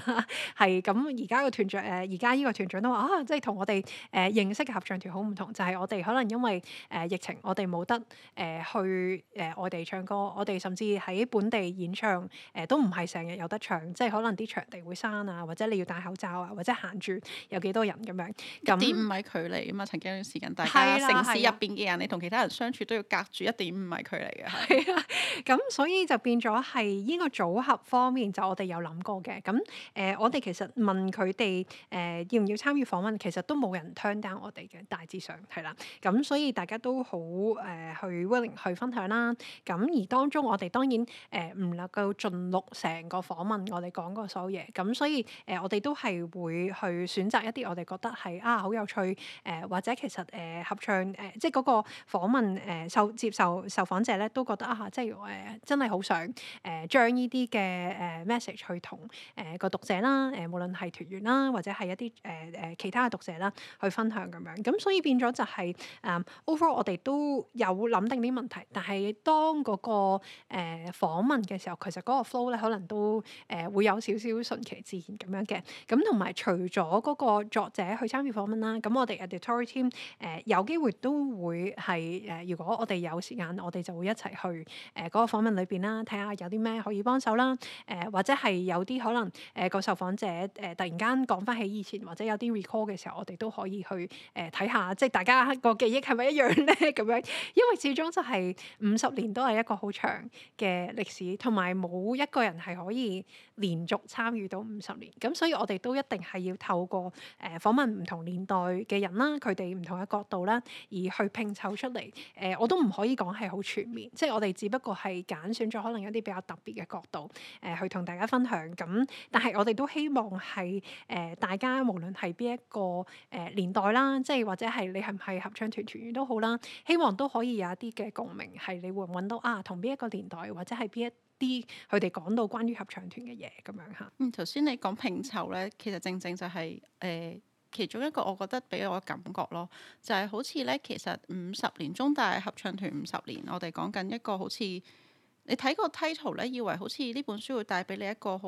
係咁而家個團長誒而家依個團長都話啊，即係同我哋誒、啊嗯、認識嘅合唱團好唔同，就係、是、我哋可能因為誒、啊、疫情，我哋冇得誒、呃、去誒外地唱歌，啊、我哋甚至喺本地演唱誒、呃、都唔係成日有得唱，即、就、係、是、可能啲場地會閂啊，或者你要戴口罩啊，或者限住有幾多人咁樣，咁五米距離啊嘛，曾經有段時間啊、城市入邊嘅人，啊、你同其他人相處都要隔住一點五米距離嘅。係啊，咁所以就變咗係呢個組合方面，就我哋有諗過嘅。咁誒、呃，我哋其實問佢哋誒要唔要參與訪問，其實都冇人 turn down 我哋嘅。大致上係啦，咁、啊、所以大家都好誒、呃、去 willing 去分享啦。咁而當中我哋當然誒唔、呃、能夠盡錄成個訪問我哋講過所有嘢。咁所以誒、呃，我哋都係會去選擇一啲我哋覺得係啊好有趣誒、呃，或者其實誒。呃合唱誒、呃，即係個訪問問受、呃、接受受訪者咧，都覺得啊，即係誒、呃、真係好想誒將呢啲嘅誒 message 去同誒、呃、個讀者啦，誒無論係團員啦，或者係一啲誒誒其他嘅讀者啦，去分享咁樣，咁所以變咗就係、是、誒、呃、overall，我哋都有諗定啲問題，但係當、那個誒訪、呃、問嘅時候，其實個 flow 咧可能都誒、呃、會有少少順其自然咁樣嘅。咁同埋除咗個作者去參與訪問啦，咁我哋嘅 editorial team 誒、呃、有。呃呃呃呃呃呃呃有機會都會係誒，如果我哋有時間，我哋就會一齊去誒嗰、呃那個訪問裏邊啦，睇下有啲咩可以幫手啦。誒、呃、或者係有啲可能誒、呃、個受訪者誒、呃、突然間講翻起以前，或者有啲 recall 嘅時候，我哋都可以去誒睇下，即係大家個記憶係咪一樣咧？咁樣，因為始終就係五十年都係一個好長嘅歷史，同埋冇一個人係可以連續參與到五十年。咁所以我哋都一定係要透過誒訪、呃、問唔同年代嘅人啦，佢哋唔同嘅角度。啦，而去拼湊出嚟，誒、呃，我都唔可以講係好全面，即係我哋只不過係揀選咗可能一啲比較特別嘅角度，誒、呃，去同大家分享。咁，但係我哋都希望係誒、呃，大家無論係邊一個誒、呃、年代啦，即係或者係你係唔係合唱團團員都好啦，希望都可以有一啲嘅共鳴，係你會揾到啊，同邊一個年代或者係邊一啲佢哋講到關於合唱團嘅嘢咁樣吓。咁，頭先你講拼湊呢，其實正正，正就係、是。誒、呃。其中一個我覺得俾我感覺咯，就係好似咧，其實五十年中大合唱團五十年，我哋講緊一個好似你睇個梯圖咧，以為好似呢本書會帶俾你一個好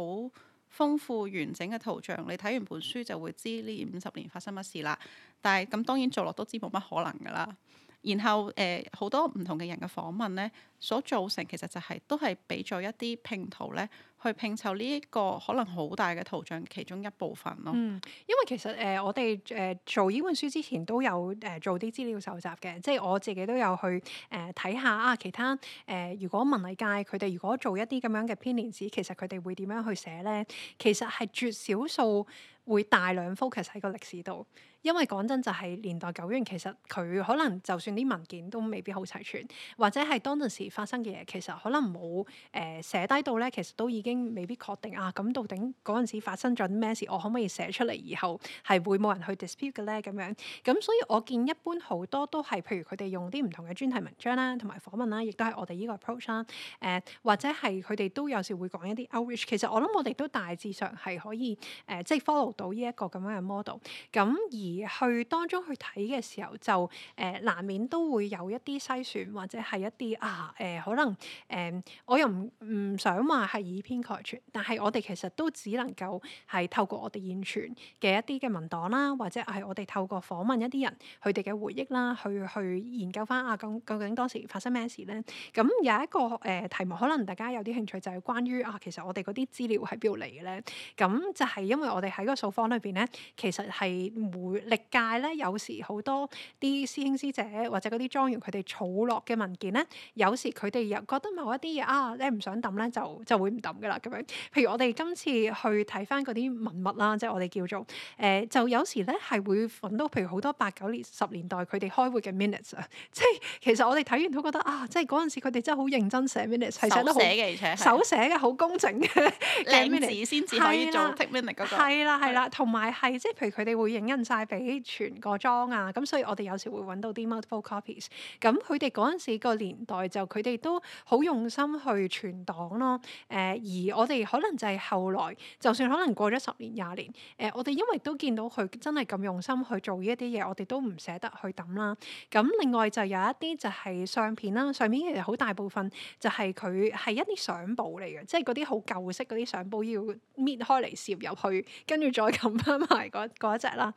豐富完整嘅圖像，你睇完本書就會知呢五十年發生乜事啦。但係咁當然做落都知冇乜可能噶啦。然後誒好多唔同嘅人嘅訪問咧，所造成其實就係都係俾咗一啲拼圖咧。去拼湊呢一個可能好大嘅圖像，其中一部分咯、嗯。因為其實誒、呃、我哋誒做呢本書之前都有誒做啲資料搜集嘅，即係我自己都有去誒睇下啊其他誒、呃、如果文藝界佢哋如果做一啲咁樣嘅編年史，其實佢哋會點樣去寫咧？其實係絕少數會大量 focus 喺個歷史度。因為講真就係年代久遠，其實佢可能就算啲文件都未必好齊全，或者係當陣時發生嘅嘢，其實可能冇誒寫低到咧，其實都已經未必確定啊！咁到底嗰陣時發生咗咩事，我可唔可以寫出嚟？以後係會冇人去 dispute 嘅咧？咁樣咁，所以我見一般好多都係譬如佢哋用啲唔同嘅專題文章啦，同埋訪問啦，亦都係我哋呢個 approach 啦，誒、呃、或者係佢哋都有時會講一啲 outreach。其實我諗我哋都大致上係可以誒、呃，即係 follow 到呢一個咁樣嘅 model。咁而去當中去睇嘅時候，就誒、呃、難免都會有一啲篩選，或者係一啲啊誒、呃，可能誒、呃，我又唔唔想話係以偏概全，但係我哋其實都只能夠係透過我哋現存嘅一啲嘅文檔啦，或者係我哋透過訪問一啲人佢哋嘅回憶啦，去去研究返啊，咁究竟當時發生咩事咧？咁有一個誒、呃、題目，可能大家有啲興趣就係、是、關於啊，其實我哋嗰啲資料喺邊度嚟嘅咧？咁就係因為我哋喺個數方裏邊咧，其實係每歷屆咧，有時好多啲師兄師姐或者嗰啲莊園佢哋儲落嘅文件咧，有時佢哋又覺得某一啲嘢啊，你唔想抌咧，就就會唔抌噶啦咁樣。譬如我哋今次去睇翻嗰啲文物啦，即係我哋叫做誒，就有時咧係會揾到，譬如好多八九年、十年代佢哋開會嘅 minutes 啊。即係其實我哋睇完都覺得啊，即係嗰陣時佢哋真係好認真寫 minutes，係寫得好手寫嘅，而且手寫嘅好工整嘅，靚字先至可以做 take minute 嗰個。係啦係啦，同埋係即係譬如佢哋會影印曬。俾全個裝啊，咁所以我哋有時會揾到啲 multiple copies。咁佢哋嗰陣時個年代就佢哋都好用心去存檔咯。誒、呃，而我哋可能就係後來，就算可能過咗十年廿年，誒、呃，我哋因為都見到佢真係咁用心去做呢一啲嘢，我哋都唔捨得去抌啦。咁另外就有一啲就係相片啦，相片其實好大部分就係佢係一啲相簿嚟嘅，即係嗰啲好舊式嗰啲相簿要搣開嚟攝入去，跟住再撳翻埋嗰一隻啦。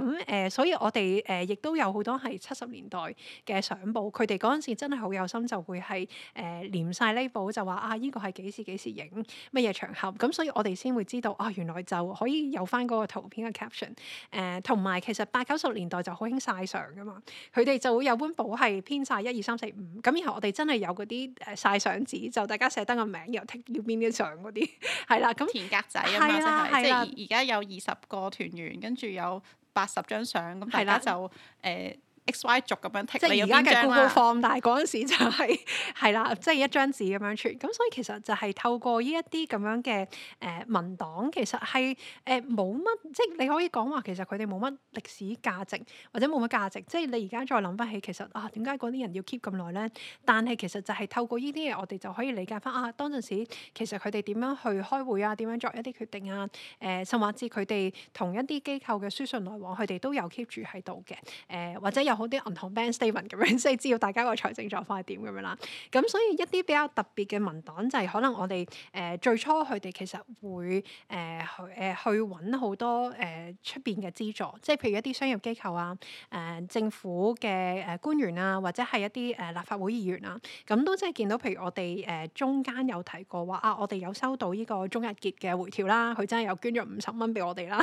咁誒、嗯，所以我哋誒亦都有好多係七十年代嘅相簿，佢哋嗰陣時真係好有心，就會係誒黏曬呢簿，呃、就話啊依、呢個係幾時幾時影乜嘢場合。咁、嗯、所以我哋先會知道啊，原來就可以有翻嗰個圖片嘅 caption。誒、啊，同埋其實八九十年代就好興晒相㗎嘛，佢哋就會有本簿係編晒一二三四五。咁然後我哋真係有嗰啲誒曬相紙，就大家寫得個名，又貼要邊啲相嗰啲，係啦。咁田格仔啊嘛，即係而家有二十個團員，跟住有。八十張相，咁的大家就誒。呃 X、Y 軸咁樣睇，即你而家嘅 Google 放大嗰陣時就係係啦，即 係、就是、一張紙咁樣傳，咁所以其實就係透過呢一啲咁樣嘅誒、呃、文檔其實係誒冇乜，即係你可以講話其實佢哋冇乜歷史價值或者冇乜價值。即係你而家再諗翻起，其實啊點解嗰啲人要 keep 咁耐咧？但係其實就係透過呢啲嘢，我哋就可以理解翻啊當陣時其實佢哋點樣去開會啊，點樣作一啲決定啊，誒、呃，甚至佢哋同一啲機構嘅書信來往，佢哋都有 keep 住喺度嘅。誒、呃、或者有。好啲銀行 bank statement 咁樣，即係知道大家個財政狀況係點咁樣啦。咁所以一啲比較特別嘅文檔，就係可能我哋誒、呃、最初佢哋其實會誒誒、呃呃、去揾好多誒出邊嘅資助，即係譬如一啲商業機構啊、誒、呃、政府嘅誒官員啊，或者係一啲誒、呃、立法會議員啊，咁都即係見到。譬如我哋誒、呃、中間有提過話啊，我哋有收到呢個中日傑嘅回條啦，佢真係又捐咗五十蚊俾我哋啦。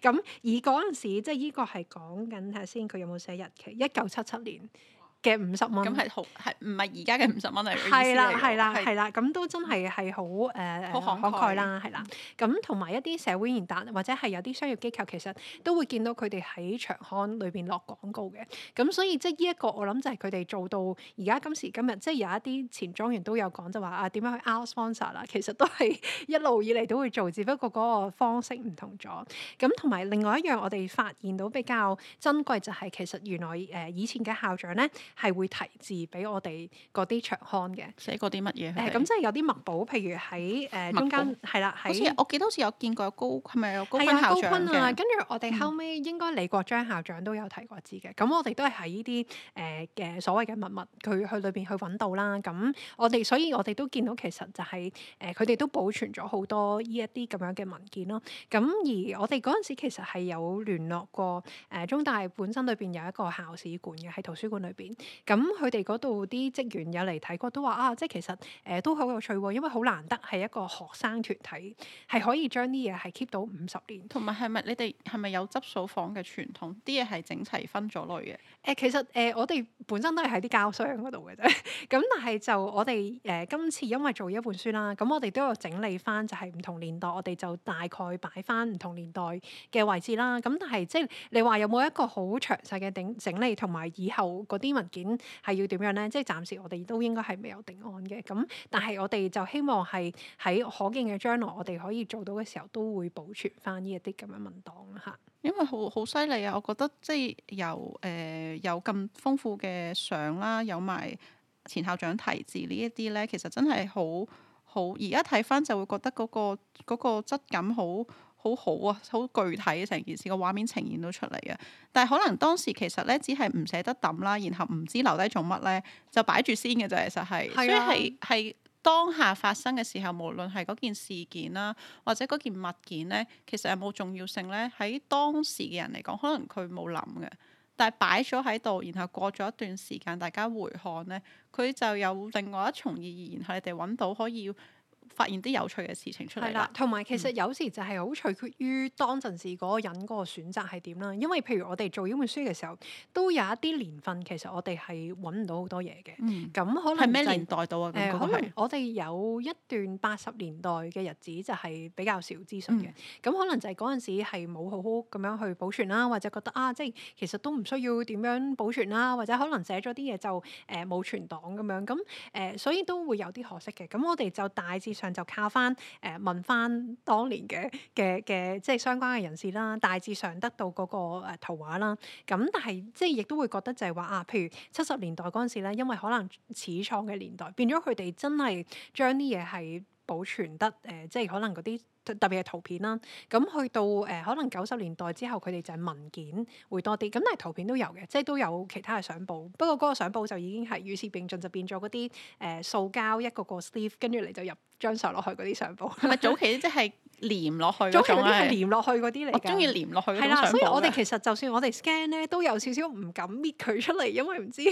咁而嗰陣時，即係依個係講緊，睇下先佢有冇寫日期。一九七七年。嘅五十蚊，咁係好係唔係而家嘅五十蚊嚟？係啦係啦係啦，咁都真係係好誒，好、呃、慷，慷慨啦，係啦。咁同埋一啲社會賢達，或者係有啲商業機構，其實都會見到佢哋喺場刊裏邊落廣告嘅。咁所以即係呢一個，我諗就係佢哋做到而家今時今日，即係有一啲前莊員都有講就話啊，點樣去 outsponsor 啦，其實都係一路以嚟都會做，只不過嗰個方式唔同咗。咁同埋另外一樣，我哋發現到比較珍貴就係其實原來誒、呃、以前嘅校長咧。係會題字俾我哋嗰啲場刊嘅，寫過啲乜嘢？咁即係有啲墨寶，譬如喺誒、呃、寶中間係啦，喺我記得好似有見過有高，係咪有高錕校長啊。錕啊嗯、跟住我哋後尾應該李國章校長都有題過字嘅。咁、嗯嗯、我哋都係喺呢啲誒嘅所謂嘅文物，物，佢去裏邊去揾到啦。咁我哋所以我哋都見到其實就係誒佢哋都保存咗好多呢一啲咁樣嘅文件咯。咁而我哋嗰陣時其實係有聯絡過誒、呃、中大本身裏邊有一個校史館嘅，喺圖書館裏邊。咁佢哋嗰度啲職員有嚟睇過都話啊，即係其實誒、呃、都好有趣喎，因為好難得係一個學生團體係可以將啲嘢係 keep 到五十年。同埋係咪你哋係咪有執數房嘅傳統？啲嘢係整齊分咗類嘅？誒、呃，其實誒、呃、我哋本身都係喺啲膠箱嗰度嘅啫。咁 但係就我哋誒、呃、今次因為做一本書啦，咁我哋都有整理翻，就係唔同年代我哋就大概擺翻唔同年代嘅位置啦。咁但係即係你話有冇一個好詳細嘅整整理同埋以，以後嗰啲文件係要點樣咧？即係暫時我哋都應該係未有定案嘅。咁但係我哋就希望係喺可見嘅將來，我哋可以做到嘅時候，都會保存翻呢一啲咁嘅文檔啦。嚇，因為好好犀利啊！我覺得即係由誒有咁、呃、豐富嘅相啦，有埋前校長題字呢一啲咧，其實真係好好。而家睇翻就會覺得嗰個嗰個質感好。好好啊，好具體成、啊、件事個畫面呈現到出嚟嘅，但係可能當時其實咧，只係唔捨得抌啦，然後唔知留低做乜咧，就擺住先嘅就其實係，啊、所以係係當下發生嘅時候，無論係嗰件事件啦、啊，或者嗰件物件咧，其實有冇重要性咧，喺當時嘅人嚟講，可能佢冇諗嘅，但係擺咗喺度，然後過咗一段時間，大家回看咧，佢就有另外一重意義，然後你哋揾到可以，發現啲有趣嘅事情出嚟啦，同埋其實有時就係好取決於當陣時嗰個人個選擇係點啦。因為譬如我哋做一本書嘅時候，都有一啲年份其實我哋係揾唔到好多嘢嘅。咁、嗯、可能係咩年代到啊？誒、呃，那那可能我哋有一段八十年代嘅日子就係比較少資訊嘅。咁、嗯、可能就係嗰陣時係冇好好咁樣去保存啦，或者覺得啊，即係其實都唔需要點樣保存啦，或者可能寫咗啲嘢就誒冇存檔咁樣。咁、呃、誒，所以都會有啲可惜嘅。咁我哋就大致上就靠翻誒、呃、問翻當年嘅、嘅、嘅即係相關嘅人士啦，大致上得到嗰個誒圖畫啦。咁但係即係亦都會覺得就係話啊，譬如七十年代嗰陣時咧，因為可能始創嘅年代，變咗佢哋真係將啲嘢係。保存得誒、呃，即係可能嗰啲特別係圖片啦。咁、嗯、去到誒、呃，可能九十年代之後，佢哋就係文件會多啲。咁但係圖片都有嘅，即係都有其他嘅相簿。不過嗰個相簿就已經係與時並進，就變咗嗰啲誒塑膠一個個 sleeve，跟住你就入張相落去嗰啲相簿是。係咪 早期即、就、係、是？ 黏落去嗰啲嚟。我中意黏落去。係啦、啊，所以我哋其實就算我哋 scan 咧，都有少少唔敢搣佢出嚟，因為唔知、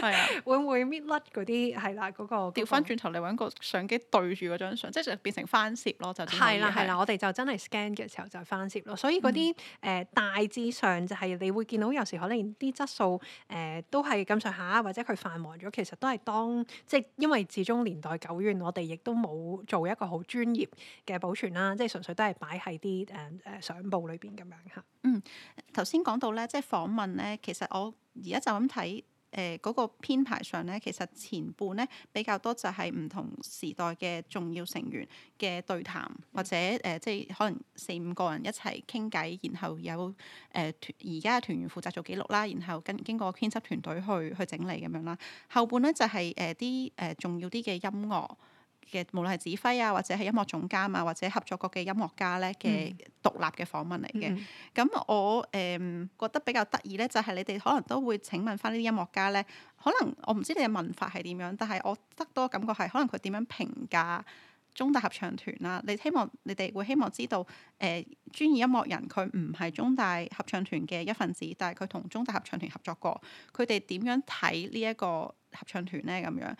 啊、會唔會搣甩嗰啲，係啦，嗰、啊嗰個。嗰個、掉翻轉頭嚟揾個相機對住嗰張相，即係就變成翻攝咯，就係。係啦係啦，我哋就真係 scan 嘅時候就係翻攝咯，所以嗰啲誒大致上就係你會見到有時可能啲質素誒、呃、都係咁上下，或者佢泛黃咗，其實都係當即係因為始終年代久遠，我哋亦都冇做一個好專業嘅保存啦，即係。純粹都係擺喺啲誒誒相簿裏邊咁樣嚇。嗯，頭先講到咧，即係訪問咧，其實我而家就咁睇誒嗰個編排上咧，其實前半咧比較多就係唔同時代嘅重要成員嘅對談，或者誒、呃、即係可能四五個人一齊傾偈，然後有誒團而家嘅團員負責做記錄啦，然後跟經過編輯團隊去去整理咁樣啦。後半咧就係誒啲誒重要啲嘅音樂。嘅無論係指揮啊，或者係音樂總監啊，或者合作過嘅音樂家咧嘅獨立嘅訪問嚟嘅。咁 我誒、呃、覺得比較得意咧，就係、是、你哋可能都會請問翻呢啲音樂家咧。可能我唔知你嘅問法係點樣，但係我得多感覺係可能佢點樣評價中大合唱團啦、啊。你希望你哋會希望知道誒專、呃、業音樂人佢唔係中大合唱團嘅一份子，但係佢同中大合唱團合作過，佢哋點樣睇呢一個合唱團咧？咁樣。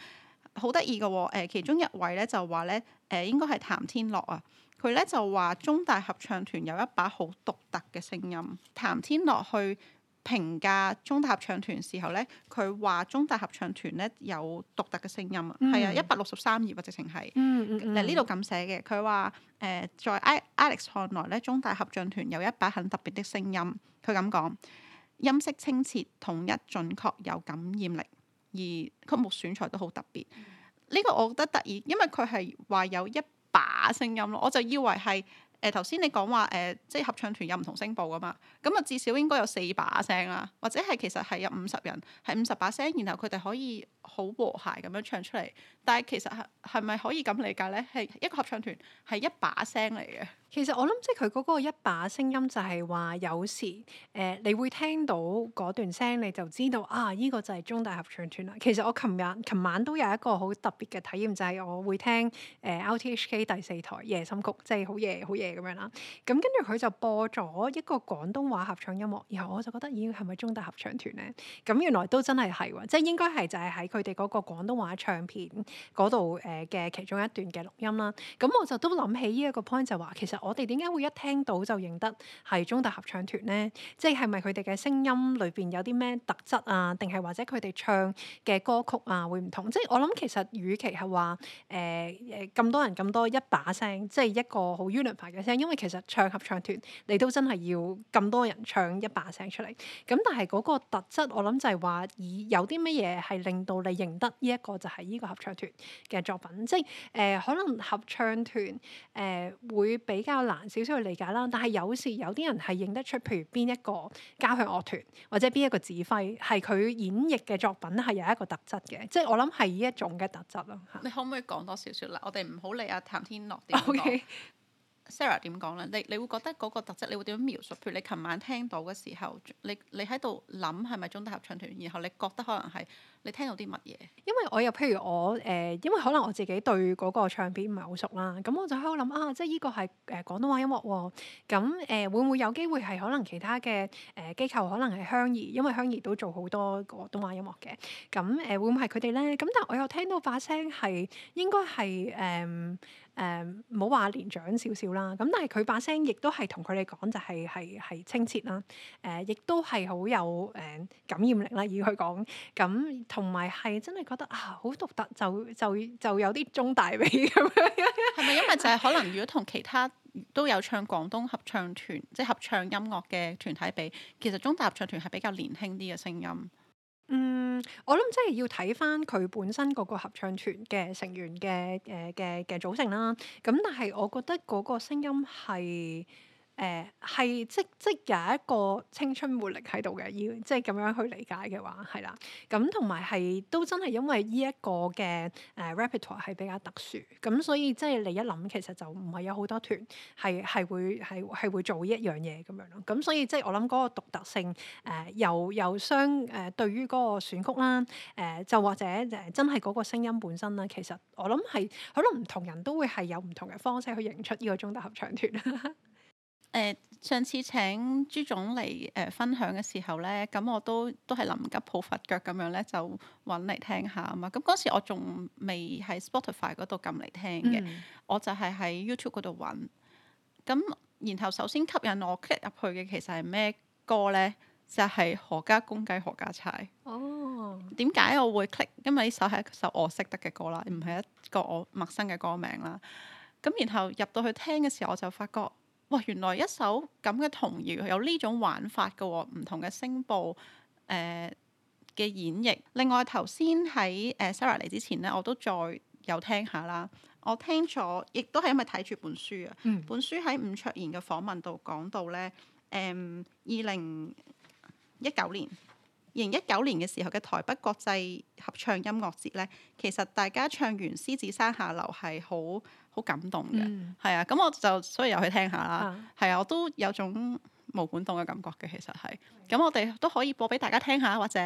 好得意嘅喎，誒、哦、其中一位咧就話咧，誒應該係譚天樂啊，佢咧就話中大合唱團有一把好獨特嘅聲音。譚天樂去評價中大合唱團時候咧，佢話中大合唱團咧有獨特嘅聲音，嗯、啊，係啊，一百六十三頁啊，直情係，嗱呢度咁寫嘅，佢話誒在 Alex 看來咧，中大合唱團有一把很特別嘅聲音，佢咁講，音色清澈、統一、準確、有感染力。而曲目選材都好特別，呢、嗯、個我覺得得意，因為佢係話有一把聲音咯，我就以為係誒頭先你講話誒、呃，即係合唱團有唔同聲部噶嘛，咁啊至少應該有四把聲啦、啊，或者係其實係有五十人，係五十把聲，然後佢哋可以好和諧咁樣唱出嚟。但係其實係係咪可以咁理解咧？係一個合唱團係一把聲嚟嘅。其實我諗即係佢嗰個一把聲音就係話有時誒、呃、你會聽到嗰段聲你就知道啊依、這個就係中大合唱團啦。其實我琴日、琴晚都有一個好特別嘅體驗，就係、是、我會聽誒 RTHK、呃、第四台夜深曲，即係好夜、好夜咁樣啦。咁跟住佢就播咗一個廣東話合唱音樂，然後我就覺得咦係咪中大合唱團呢？咁原來都真係係喎，即係應該係就係喺佢哋嗰個廣東話唱片嗰度誒嘅其中一段嘅錄音啦。咁我就都諗起呢一個 point 就係話其實。我哋點解會一聽到就認得係中大合唱團咧？即係係咪佢哋嘅聲音裏邊有啲咩特質啊？定係或者佢哋唱嘅歌曲啊會唔同？即係我諗其實與其係話誒誒，咁多人咁多一把聲，即係一個好 unify 嘅聲，因為其實唱合唱團你都真係要咁多人唱一把聲出嚟。咁但係嗰個特質我諗就係話以有啲乜嘢係令到你認得呢一個就係呢個合唱團嘅作品。即係誒可能合唱團誒會比較。比較難少少去理解啦，但係有時有啲人係認得出，譬如邊一個交響樂團或者邊一個指揮，係佢演繹嘅作品係有一個特質嘅，即係我諗係呢一種嘅特質咯。你可唔可以講多少少啦？我哋唔好理阿譚天樂點講。Okay. Sarah 點講咧？你你會覺得嗰個特質，你會點樣描述？譬如你琴晚聽到嘅時候，你你喺度諗係咪中大合唱團？然後你覺得可能係你聽到啲乜嘢？因為我又譬如我誒、呃，因為可能我自己對嗰個唱片唔係好熟啦，咁我就喺度諗啊，即係依個係誒、呃、廣東話音樂喎、哦。咁誒、呃、會唔會有機會係可能其他嘅誒、呃、機構可能係香兒？因為香兒都做好多廣東話音樂嘅。咁誒、呃、會唔會係佢哋咧？咁但我又聽到把聲係應該係誒。呃誒冇話年長少少啦，咁但係佢把聲亦都係同佢哋講就係係係清澈啦，誒亦都係好有誒、嗯、感染力啦，以佢講，咁同埋係真係覺得啊好獨特，就就就有啲中大味咁樣，係 咪因為就係可能如果同其他都有唱廣東合唱團，即係合唱音樂嘅團體比，其實中大合唱團係比較年輕啲嘅聲音。嗯，我諗即係要睇翻佢本身嗰個合唱團嘅成員嘅誒嘅嘅組成啦，咁但係我覺得嗰個聲音係。誒係、呃，即即有一個青春活力喺度嘅，要即係咁樣去理解嘅話，係啦。咁同埋係都真係因為呢一個嘅誒、呃、repertoire 係比較特殊，咁所以即係你一諗，其實就唔係有好多團係係會係係會做呢一樣嘢咁樣咯。咁所以即係我諗嗰個獨特性，誒、呃、又又相誒對於嗰個選曲啦，誒、呃、就或者誒真係嗰個聲音本身啦，其實我諗係可能唔同人都會係有唔同嘅方式去認出呢個中大合唱團 誒、呃、上次請朱總嚟誒、呃、分享嘅時候咧，咁我都都係臨急抱佛腳咁樣咧，就揾嚟聽下啊嘛。咁嗰時我仲未喺 Spotify 嗰度撳嚟聽嘅，嗯、我就係喺 YouTube 嗰度揾。咁然後首先吸引我 click 入去嘅其實係咩歌咧？就係、是、何家公雞何家猜。哦。點解我會 click？因為呢首係一首我識得嘅歌啦，唔係一個我陌生嘅歌名啦。咁然後入到去聽嘅時候，我就發覺。哇！原來一首咁嘅童謠有呢種玩法嘅喎、哦，唔同嘅聲部誒嘅演繹。另外頭先喺誒、呃、Sarah 嚟之前咧，我都再有聽下啦。我聽咗，亦都係因為睇住本書啊。嗯、本書喺伍卓賢嘅訪問度講到咧，誒二零一九年。二零一九年嘅時候嘅台北國際合唱音樂節呢，其實大家唱完《獅子山下留》流係好好感動嘅，係、嗯、啊，咁我就所以又去聽下啦，係啊，啊，我都有種毛管動嘅感覺嘅，其實係咁，嗯、我哋都可以播俾大家聽下或者。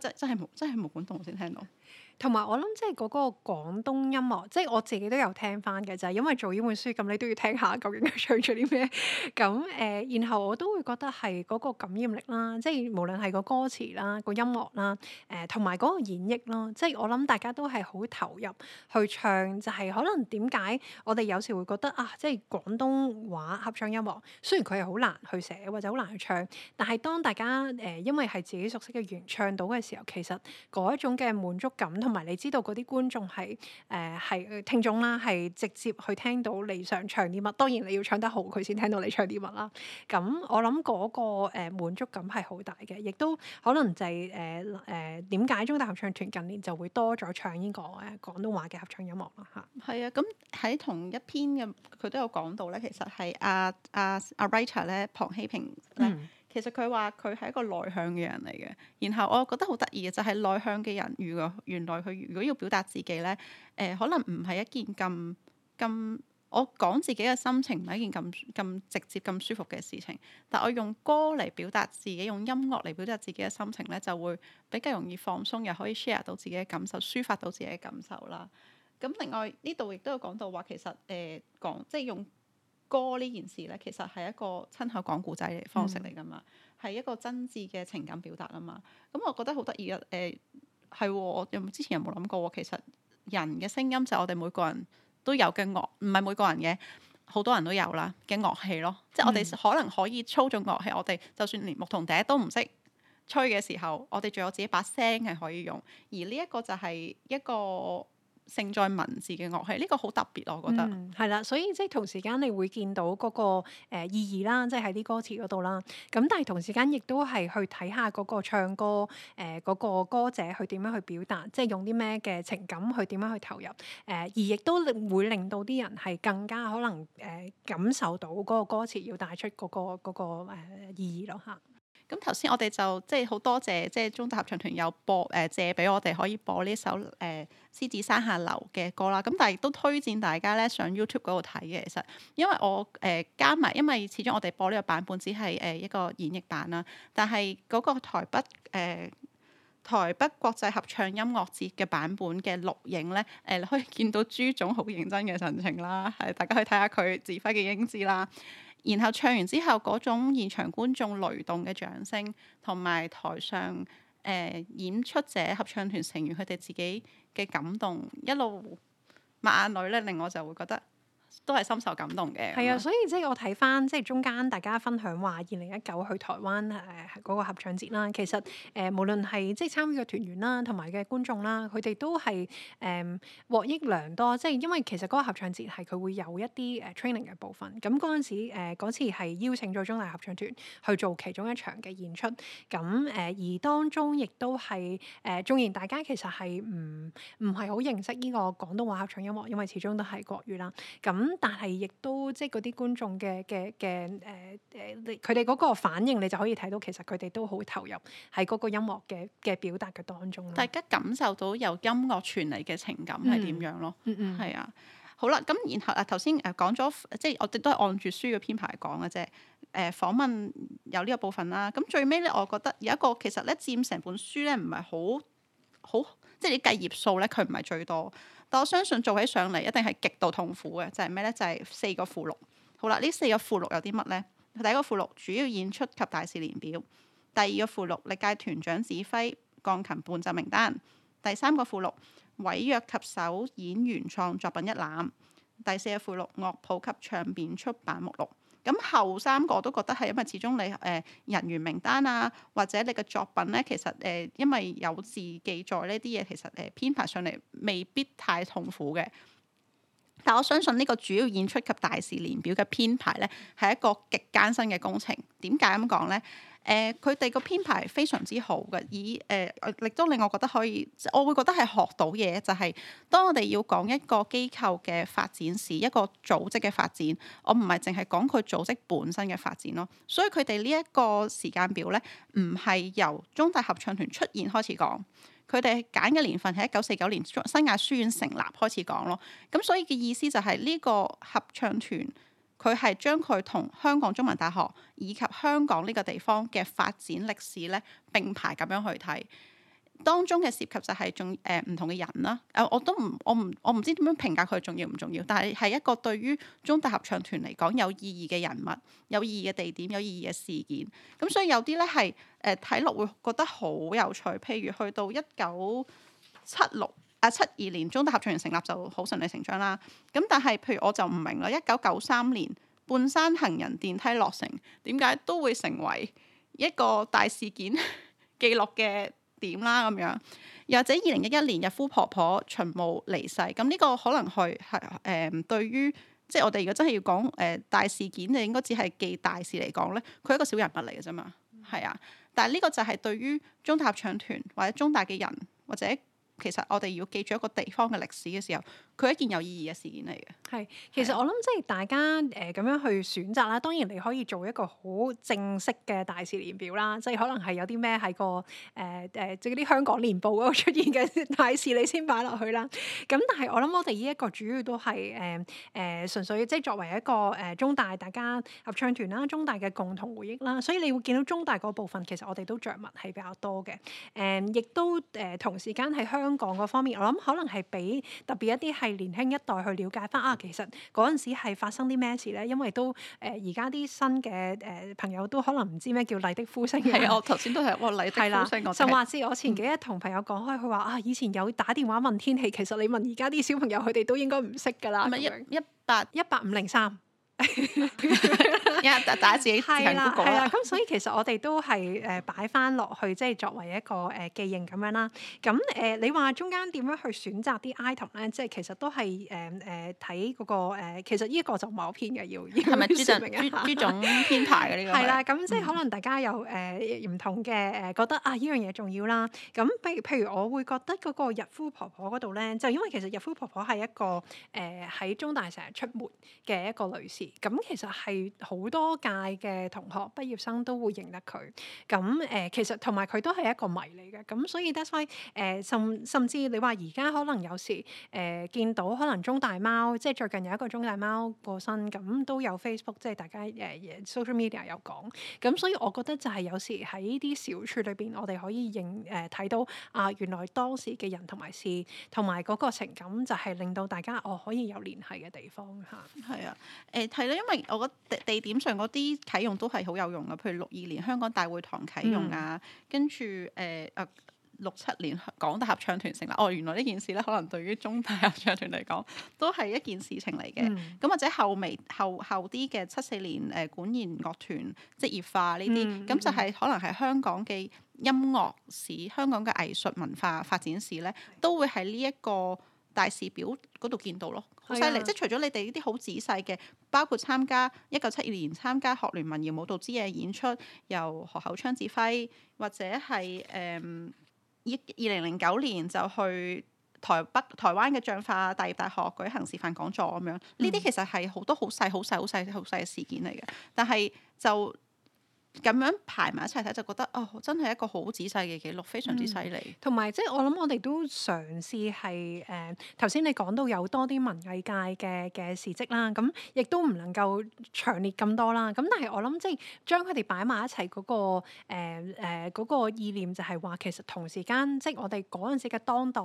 真真係冇，真係冇廣東先聽到。同埋我諗，即係嗰個廣東音樂，即係我自己都有聽翻嘅，就係因為做呢本書，咁你都要聽下究竟佢唱咗啲咩。咁 誒、呃，然後我都會覺得係嗰個感染力啦，即係無論係個歌詞啦，個音樂啦。同埋嗰個演繹咯，即係我諗大家都係好投入去唱，就係、是、可能點解我哋有時會覺得啊，即係廣東話合唱音樂，雖然佢係好難去寫或者好難去唱，但係當大家誒、呃、因為係自己熟悉嘅語言唱到嘅時候，其實嗰一種嘅滿足感同埋你知道嗰啲觀眾係誒係聽眾啦，係直接去聽到你想唱啲乜，當然你要唱得好佢先聽到你唱啲乜啦。咁我諗嗰、那個誒、呃、滿足感係好大嘅，亦都可能就係誒誒。呃呃呃點解中大合唱團近年就會多咗唱呢個誒廣東話嘅合唱音樂啦？嚇，係啊，咁喺同一篇嘅佢都有講到咧。其實係阿阿阿 writer 咧，龐希平、嗯、其實佢話佢係一個內向嘅人嚟嘅。然後我覺得好得意嘅就係、是、內向嘅人，原來原來佢如果要表達自己咧，誒、呃、可能唔係一件咁咁。我講自己嘅心情唔係一件咁咁直接咁舒服嘅事情，但我用歌嚟表達自己，用音樂嚟表達自己嘅心情咧，就會比較容易放鬆，又可以 share 到自己嘅感受，抒發到自己嘅感受啦。咁另外說說、呃、呢度亦都有講到話，其實誒講即係用歌呢件事咧，其實係一個親口講故仔嘅方式嚟噶嘛，係、嗯、一個真摯嘅情感表達啊嘛。咁我覺得好得意啊！誒係喎，有冇之前有冇諗過？其實人嘅聲音就係我哋每個人。都有嘅樂，唔係每個人嘅，好多人都有啦嘅樂器咯。即係我哋可能可以操縱樂器，嗯、我哋就算連牧童笛都唔識吹嘅時候，我哋仲有自己把聲係可以用。而呢一個就係一個。盛在文字嘅樂器呢、這個好特別，我覺得係啦、嗯，所以即係同時間你會見到嗰、那個誒、呃、意義啦，即係喺啲歌詞嗰度啦。咁但係同時間亦都係去睇下嗰個唱歌誒嗰、呃那個歌者去點樣去表達，即係用啲咩嘅情感去點樣去投入誒、呃，而亦都會令到啲人係更加可能誒、呃、感受到嗰個歌詞要帶出嗰、那個嗰、那個誒、呃、意義咯嚇。咁頭先我哋就即係好多謝即係中大合唱團有播誒、呃、借俾我哋可以播呢首誒、呃、獅子山下留嘅歌啦，咁但係都推薦大家咧上 YouTube 嗰度睇嘅其實，因為我誒、呃、加埋，因為始終我哋播呢個版本只係誒一個演繹版啦，但係嗰個台北誒、呃、台北國際合唱音樂節嘅版本嘅錄影咧，誒、呃、你可以見到朱總好認真嘅神情啦，係大家去睇下佢指揮嘅英姿啦。然後唱完之後，嗰種現場觀眾雷動嘅掌聲，同埋台上誒、呃、演出者，合唱團成員佢哋自己嘅感動，一路抹眼淚咧，令我就會覺得。都係深受感動嘅。係啊的，所以即係我睇返即係中間大家分享話二零一九去台灣誒嗰個合唱節啦，其實誒、呃、無論係即係參與嘅團員啦，同埋嘅觀眾啦，佢哋都係誒獲益良多。即係因為其實嗰個合唱節係佢會有一啲誒 training 嘅部分。咁嗰陣時嗰、呃、次係邀請咗中大合唱團去做其中一場嘅演出。咁誒、呃、而當中亦都係誒縱然大家其實係唔唔係好認識呢個廣東話合唱音樂，因為始終都係國語啦。咁咁、嗯、但係亦都即係嗰啲觀眾嘅嘅嘅誒誒，佢哋嗰個反應，你就可以睇到其實佢哋都好投入喺嗰個音樂嘅嘅表達嘅當中咯。大家感受到由音樂傳嚟嘅情感係點樣咯？嗯嗯，係、嗯嗯、啊，好啦，咁然後啊，頭先誒講咗，即係我哋都係按住書嘅編排講嘅啫。誒、啊、訪問有呢個部分啦。咁最尾咧，我覺得有一個其實咧佔成本書咧唔係好好，即係你計頁數咧，佢唔係最多。但我相信做起上嚟一定係極度痛苦嘅，就係咩咧？就係四個附錄。好啦，呢四個附錄有啲乜咧？第一個附錄主要演出及大事年表；第二個附錄歷屆團長指揮鋼琴伴奏名單，第三個附錄委約及首演原創作品一覽，第四個附錄樂譜及唱片出版目錄。咁後三個都覺得係，因為始終你誒人員名單啊，或者你嘅作品呢，其實誒因為有字記載呢啲嘢，其實誒編排上嚟未必太痛苦嘅。但我相信呢個主要演出及大事年表嘅編排呢，係一個極艱辛嘅工程。點解咁講呢？誒佢哋個編排非常之好嘅，以誒亦都令我覺得可以，我會覺得係學到嘢。就係當我哋要講一個機構嘅發展時，一個組織嘅發展，我唔係淨係講佢組織本身嘅發展咯。所以佢哋呢一個時間表咧，唔係由中大合唱團出現開始講，佢哋揀嘅年份係一九四九年中新亞書院成立開始講咯。咁所以嘅意思就係呢個合唱團。佢係將佢同香港中文大學以及香港呢個地方嘅發展歷史咧並排咁樣去睇，當中嘅涉及就係仲誒唔同嘅人啦。誒、呃、我都唔我唔我唔知點樣評價佢重要唔重要，但係係一個對於中大合唱團嚟講有意義嘅人物、有意義嘅地點、有意義嘅事件。咁所以有啲咧係誒睇落會覺得好有趣，譬如去到一九七六。啊！七二年中大合唱團成立就好順理成章啦。咁但係，譬如我就唔明啦。一九九三年半山行人電梯落成，點解都會成為一個大事件 記錄嘅點啦？咁樣，又或者二零一一年日夫婆婆秦墓離世，咁呢個可能係係誒對於即係我哋如果真係要講誒、呃、大事件，就應該只係記大事嚟講咧。佢係一個小人物嚟嘅啫嘛，係、嗯、啊。但係呢個就係對於中大合唱團或者中大嘅人或者。其實，我哋要記住一個地方嘅歷史嘅時候。佢一件有意義嘅事件嚟嘅。係，其實我諗即係大家誒咁、呃、樣去選擇啦。當然你可以做一個好正式嘅大事年表啦，即係可能係有啲咩係個誒誒、呃呃、即係啲香港年報嗰個出現嘅大事你先擺落去啦。咁但係我諗我哋呢一個主要都係誒誒純粹即係作為一個誒、呃、中大大家合唱團啦，中大嘅共同回憶啦。所以你會見到中大嗰部分其實我哋都着墨係比較多嘅。誒、呃、亦都誒、呃、同時間喺香港嗰方面，我諗可能係比特別一啲係。年輕一代去了解翻啊，其實嗰陣時係發生啲咩事呢？因為都誒而家啲新嘅誒、呃、朋友都可能唔知咩叫《麗的呼聲》。係我頭先都係話《麗、哦、的呼聲》嘅的。就話我，我前幾日同朋友講開，佢話啊，以前有打電話問天氣，其實你問而家啲小朋友，佢哋都應該唔識㗎啦。唔係一一八一八五零三。樣一大家 自己係啦，係啊，咁所以其實我哋都係誒擺翻落去，即係作為一個誒、呃、記認咁樣啦。咁誒、呃，你話中間點樣去選擇啲 item 咧？即係其實都係誒誒睇嗰個、呃、其實依一個就某偏嘅，要係咪主明呢種編排嘅呢個？係啦，咁即係、嗯、可能大家有誒唔、呃、同嘅誒，覺得啊依樣嘢重要啦。咁譬如譬如我會覺得嗰個日夫婆婆嗰度咧，就因為其實日夫婆婆係一個誒喺、呃、中大成日出沒嘅一個女士。咁其實係好多屆嘅同學畢業生都會認得佢。咁誒、呃，其實同埋佢都係一個謎嚟嘅。咁所以 that's why，誒、呃、甚甚至你話而家可能有時誒、呃、見到可能中大貓，即係最近有一個中大貓過身，咁都有 Facebook，即係大家誒 social media 有講。咁所以我覺得就係有時喺啲小處裏邊，我哋可以認誒睇、呃、到啊，原來當時嘅人同埋事，同埋嗰個情感就係令到大家哦可以有聯繫嘅地方嚇。係啊，誒、呃。係囉，因為我覺得地點上嗰啲啟用都係好有用㗎，譬如六二年香港大會堂啟用啊，跟住誒誒六七年港大合唱團成立，哦原來呢件事呢，可能對於中大合唱團嚟講都係一件事情嚟嘅，咁、嗯、或者後尾後後啲嘅七四年誒、呃、管弦樂團職業化呢啲，咁、嗯、就係可能係香港嘅音樂史、香港嘅藝術文化發展史呢，都會喺呢一個，大事表嗰度見到咯，好犀利！的即係除咗你哋呢啲好仔細嘅，包括參加一九七二年參加學聯民謠舞蹈之夜演出，由何厚昌指揮，或者係誒二二零零九年就去台北、台灣嘅彰化大葉大學舉行示範講座咁樣，呢啲其實很很，係好多好細好細好細好細嘅事件嚟嘅，但係就。咁樣排埋一齊睇就覺得哦，真係一個好仔細嘅記錄，非常之犀利。同埋即係我諗，我哋都嘗試係誒頭先你講到有多啲文藝界嘅嘅事蹟啦，咁、嗯、亦都唔能夠長列咁多啦。咁、嗯、但係我諗即係將佢哋擺埋一齊嗰、那個誒誒嗰個意念就係話，其實同時間即係、就是、我哋嗰陣時嘅當代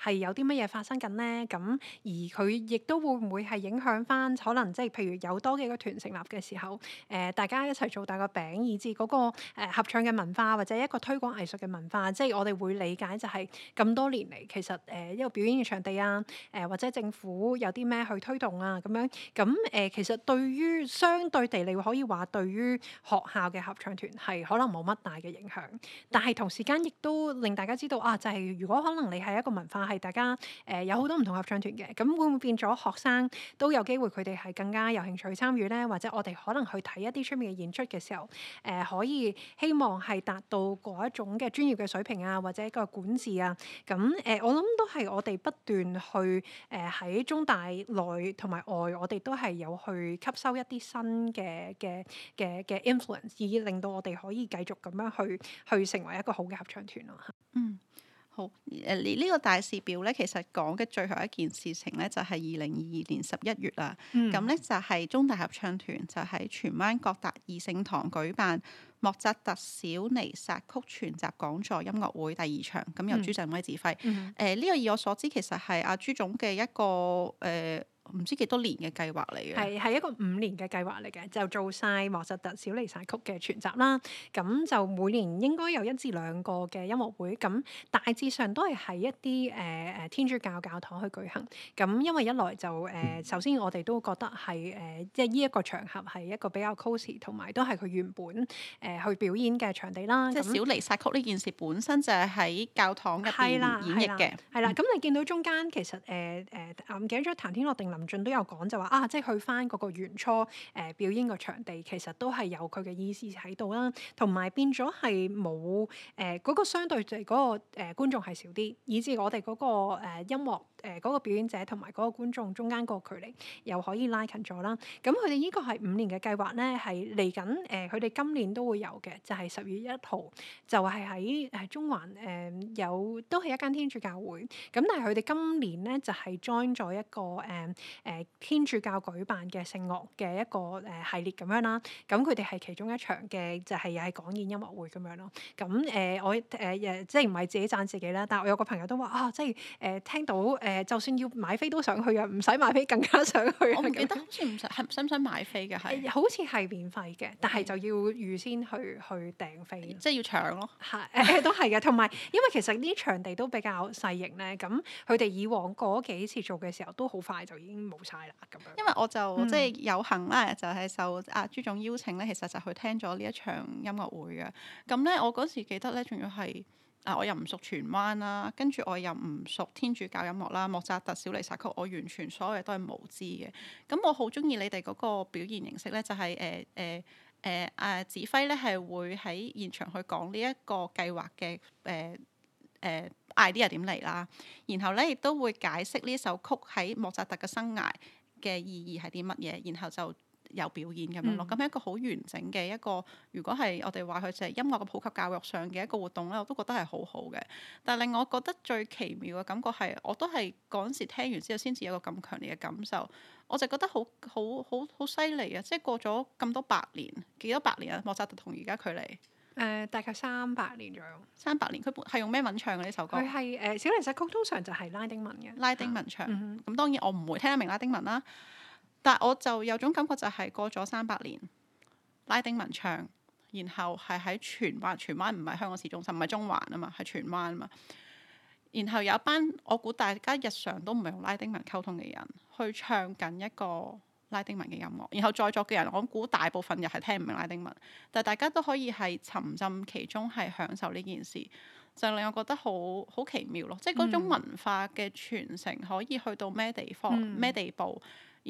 係有啲乜嘢發生緊呢。咁、嗯、而佢亦都會唔會係影響翻，可能即係譬如有多幾個團成立嘅時候，誒、呃、大家一齊做大個餅。以至嗰個合唱嘅文化，或者一個推廣藝術嘅文化，即係我哋會理解就係咁多年嚟，其實誒一個表演嘅場地啊，誒或者政府有啲咩去推動啊咁樣，咁誒、呃、其實對於相對地，你會可以話對於學校嘅合唱團係可能冇乜大嘅影響，但係同時間亦都令大家知道啊，就係、係、如果可能你係一個文化係大家誒、呃、有好多唔同合唱團嘅，咁會唔會變咗學生都有機會佢哋係更加有興趣參與呢？或者我哋可能去睇一啲出面嘅演出嘅時候？誒、呃、可以希望係達到嗰一種嘅專業嘅水平啊，或者個管治啊，咁誒、呃、我諗都係我哋不斷去誒喺、呃、中大內同埋外，我哋都係有去吸收一啲新嘅嘅嘅嘅 influence，以令到我哋可以繼續咁樣去去成為一個好嘅合唱團咯嚇。嗯。呢、呃這個大事表咧，其實講嘅最後一件事情呢，就係二零二二年十一月啦。咁、嗯、呢，就係、是、中大合唱團就喺、是、荃灣國達葛達二聖堂舉辦莫扎特小彌撒曲全集講座音樂會第二場，咁由朱振威指揮。誒、嗯，呢、嗯呃這個以我所知，其實係阿、啊、朱總嘅一個誒。呃唔知幾多年嘅計劃嚟嘅，係係一個五年嘅計劃嚟嘅，就做晒莫扎特小彌撒曲嘅全集啦。咁就每年應該有一至兩個嘅音樂會，咁大致上都係喺一啲誒誒天主教教堂去舉行。咁因為一來就誒、呃，首先我哋都覺得係誒，即係呢一個場合係一個比較 cosy，同埋都係佢原本誒、呃、去表演嘅場地啦。即係小彌撒曲呢件事本身就係喺教堂入邊演繹嘅。係啦，咁 你見到中間其實誒誒，我唔、呃呃、記得咗譚天樂定林俊都有講，就話啊，即係去翻嗰個原初誒、呃、表演個場地，其實都係有佢嘅意思喺度啦，同埋變咗係冇誒嗰個相對就係嗰個誒、呃、觀眾係少啲，以至我哋嗰、那個誒、呃、音樂，誒嗰、呃、那個表演者同埋嗰個觀眾中間個距離又可以拉近咗啦。咁佢哋依個係五年嘅計劃咧，係嚟緊。誒佢哋今年都會有嘅，就係、是、十月一號就係喺誒中環誒、呃、有都係一間天主教會。咁但係佢哋今年咧就係、是、join 咗一個誒誒、呃、天主教舉辦嘅聖樂嘅一個誒系列咁樣啦。咁佢哋係其中一場嘅，就係又係講演音樂會咁樣咯。咁誒我誒誒即係唔係自己贊自己啦？但係我有個朋友都話啊、哦，即係誒、呃、聽到誒。呃誒、呃，就算要買飛都想去啊，唔使買飛更加想去。我唔記得，好似唔使，想唔想買飛嘅係？好似係免費嘅，Okay. 但係就要預先去去訂飛，即係要搶咯。係誒、呃呃，都係嘅。同埋， 因為其實呢啲場地都比較細型咧，咁佢哋以往嗰幾次做嘅時候都好快就已經冇晒啦，咁樣。因為我就即係、嗯、有幸咧，就係、是、受阿、啊、朱總邀請咧，其實就去聽咗呢一場音樂會嘅。咁咧，我嗰時記得咧，仲要係。我又唔熟荃灣啦，跟住我又唔熟天主教音樂啦。莫扎特小彌撒曲，我完全所有嘢都係無知嘅。咁我好中意你哋嗰個表現形式咧，就係誒誒誒啊指揮咧，係會喺現場去講呢一個計劃嘅誒誒 idea 點嚟啦，然後咧亦都會解釋呢首曲喺莫扎特嘅生涯嘅意義係啲乜嘢，然後就。有表演咁樣咯，咁係、嗯、一個好完整嘅一個。如果係我哋話佢就係音樂嘅普及教育上嘅一個活動咧，我都覺得係好好嘅。但係令我覺得最奇妙嘅感覺係，我都係嗰陣時聽完之後先至有個咁強烈嘅感受。我就覺得好好好好犀利啊！即係過咗咁多百年，幾多百年啊？莫扎特同而家距離誒、呃，大概三百年左右。三百年，佢係用咩文唱嘅呢首歌？佢係誒小彌撒曲，通常就係拉丁文嘅拉丁文唱。咁、嗯、哼當然我唔會聽得明拉丁文啦。但我就有種感覺就，就係過咗三百年拉丁文唱，然後係喺荃灣，荃灣唔係香港市中心，唔係中環啊嘛，係荃灣啊嘛。然後有一班我估大家日常都唔係用拉丁文溝通嘅人，去唱緊一個拉丁文嘅音樂，然後在座嘅人，我估大部分又係聽唔明拉丁文，但係大家都可以係沉浸其中，係享受呢件事，就令我覺得好好奇妙咯。即係嗰種文化嘅傳承可以去到咩地方，咩、嗯、地步？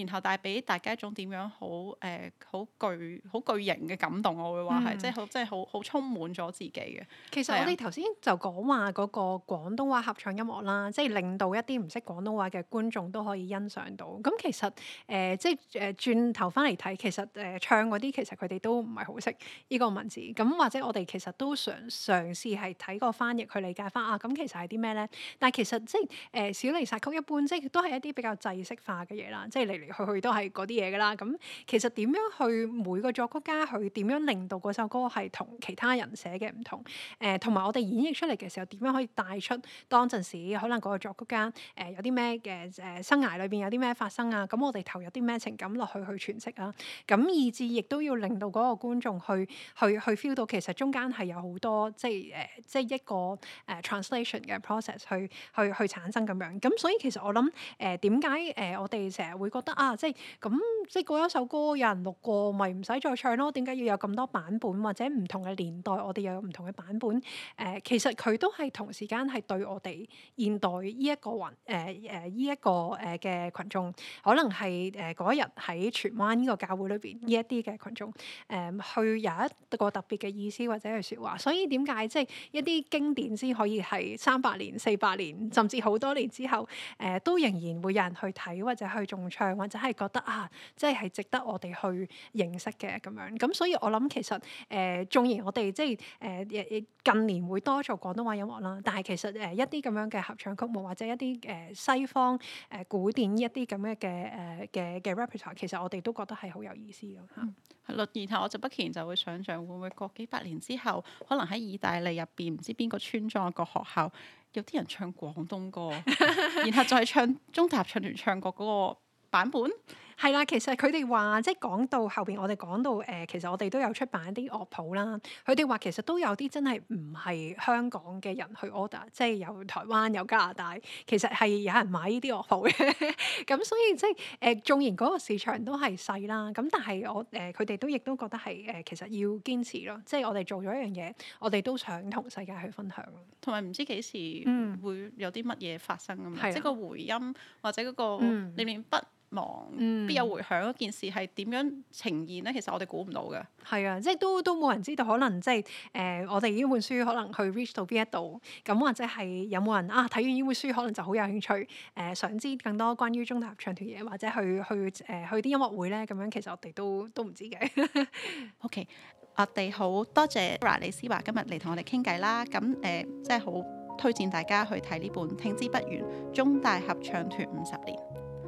然後帶俾大家一種點樣好誒好巨好巨型嘅感動，我會話係、嗯、即係好即係好好充滿咗自己嘅。其實我哋頭先就講話嗰個廣東話合唱音樂啦，即係令到一啲唔識廣東話嘅觀眾都可以欣賞到。咁其實誒、呃、即係誒轉頭翻嚟睇，其實誒、呃、唱嗰啲其實佢哋都唔係好識呢個文字。咁或者我哋其實都嘗嘗試係睇個翻譯去理解翻啊。咁、嗯、其實係啲咩咧？但係其實即係誒、呃、小彌撒曲一般，即係都係一啲比較制式化嘅嘢啦，即係嚟嚟。去去都係嗰啲嘢㗎啦。咁 其實點樣去每個作曲家去點樣令到嗰首歌係同其他人寫嘅唔同？誒同埋我哋演繹出嚟嘅時候，點樣可以帶出當陣時可能嗰個作曲家誒、呃、有啲咩嘅誒生涯裏邊有啲咩發生啊？咁我哋投入啲咩情感落去去詮釋啊？咁以至亦都要令到嗰個觀眾去去去 feel 到其實中間係有好多即係誒、呃、即係一個誒 translation 嘅 process 去去去產生咁樣，咁、啊、所以其實我諗誒點解誒我哋成日會覺得？啊！即係咁，即係嗰一首歌，有人錄過咪唔使再唱咯。點解要有咁多版本或者唔同嘅年代？我哋又有唔同嘅版本誒、呃，其實佢都係同時間係對我哋現代依、這、一個羣誒誒依一個誒嘅、呃、群眾可能係誒嗰一日喺荃灣呢個教會裏邊依一啲嘅群眾誒、呃、去有一個特別嘅意思或者係說話，所以點解即係一啲經典先可以係三百年、四百年，甚至好多年之後誒、呃、都仍然會有人去睇或者去重唱。或者係覺得啊，即係係值得我哋去認識嘅咁樣，咁所以我諗其實誒、呃，縱然我哋即係誒、呃、近年會多做廣東話音樂啦，但係其實誒、呃、一啲咁樣嘅合唱曲目，或者一啲誒、呃、西方誒、呃、古典一啲咁樣嘅誒嘅嘅 repertoire，其實我哋都覺得係好有意思嘅嚇。係咯、嗯，然後我就不期然就會想像，會唔會過幾百年之後，可能喺意大利入邊，唔知邊個村莊個學校有啲人唱廣東歌， 然後再唱中大合唱團唱過嗰、那個。版本係啦，其實佢哋話即係講到後邊，我哋講到誒，其實我哋都有出版一啲樂譜啦。佢哋話其實都有啲真係唔係香港嘅人去 order，即係有台灣、有加拿大，其實係有人買呢啲樂譜嘅。咁 所以即係誒、呃，縱然嗰個市場都係細啦，咁但係我誒佢哋都亦都覺得係誒、呃，其實要堅持咯。即係我哋做咗一樣嘢，我哋都想同世界去分享。同埋唔知幾時會有啲乜嘢發生啊，嘛、嗯，的即係個回音或者嗰個念念不嗯望、嗯、必有回響嗰件事係點樣呈現呢？其實我哋估唔到嘅。係啊，即係都都冇人知道，可能即係誒、呃，我哋呢本書可能去 reach 到邊一度，咁或者係有冇人啊睇完呢本書可能就好有興趣誒、呃，想知更多關於中大合唱團嘢，或者去去誒、呃、去啲音樂會呢咁樣，其實我哋都都唔知嘅。 OK，我哋好多謝 Sarah，李思華今日嚟同我哋傾偈啦。咁誒，即係好推薦大家去睇呢本《聽之不完：中大合唱團五十年》。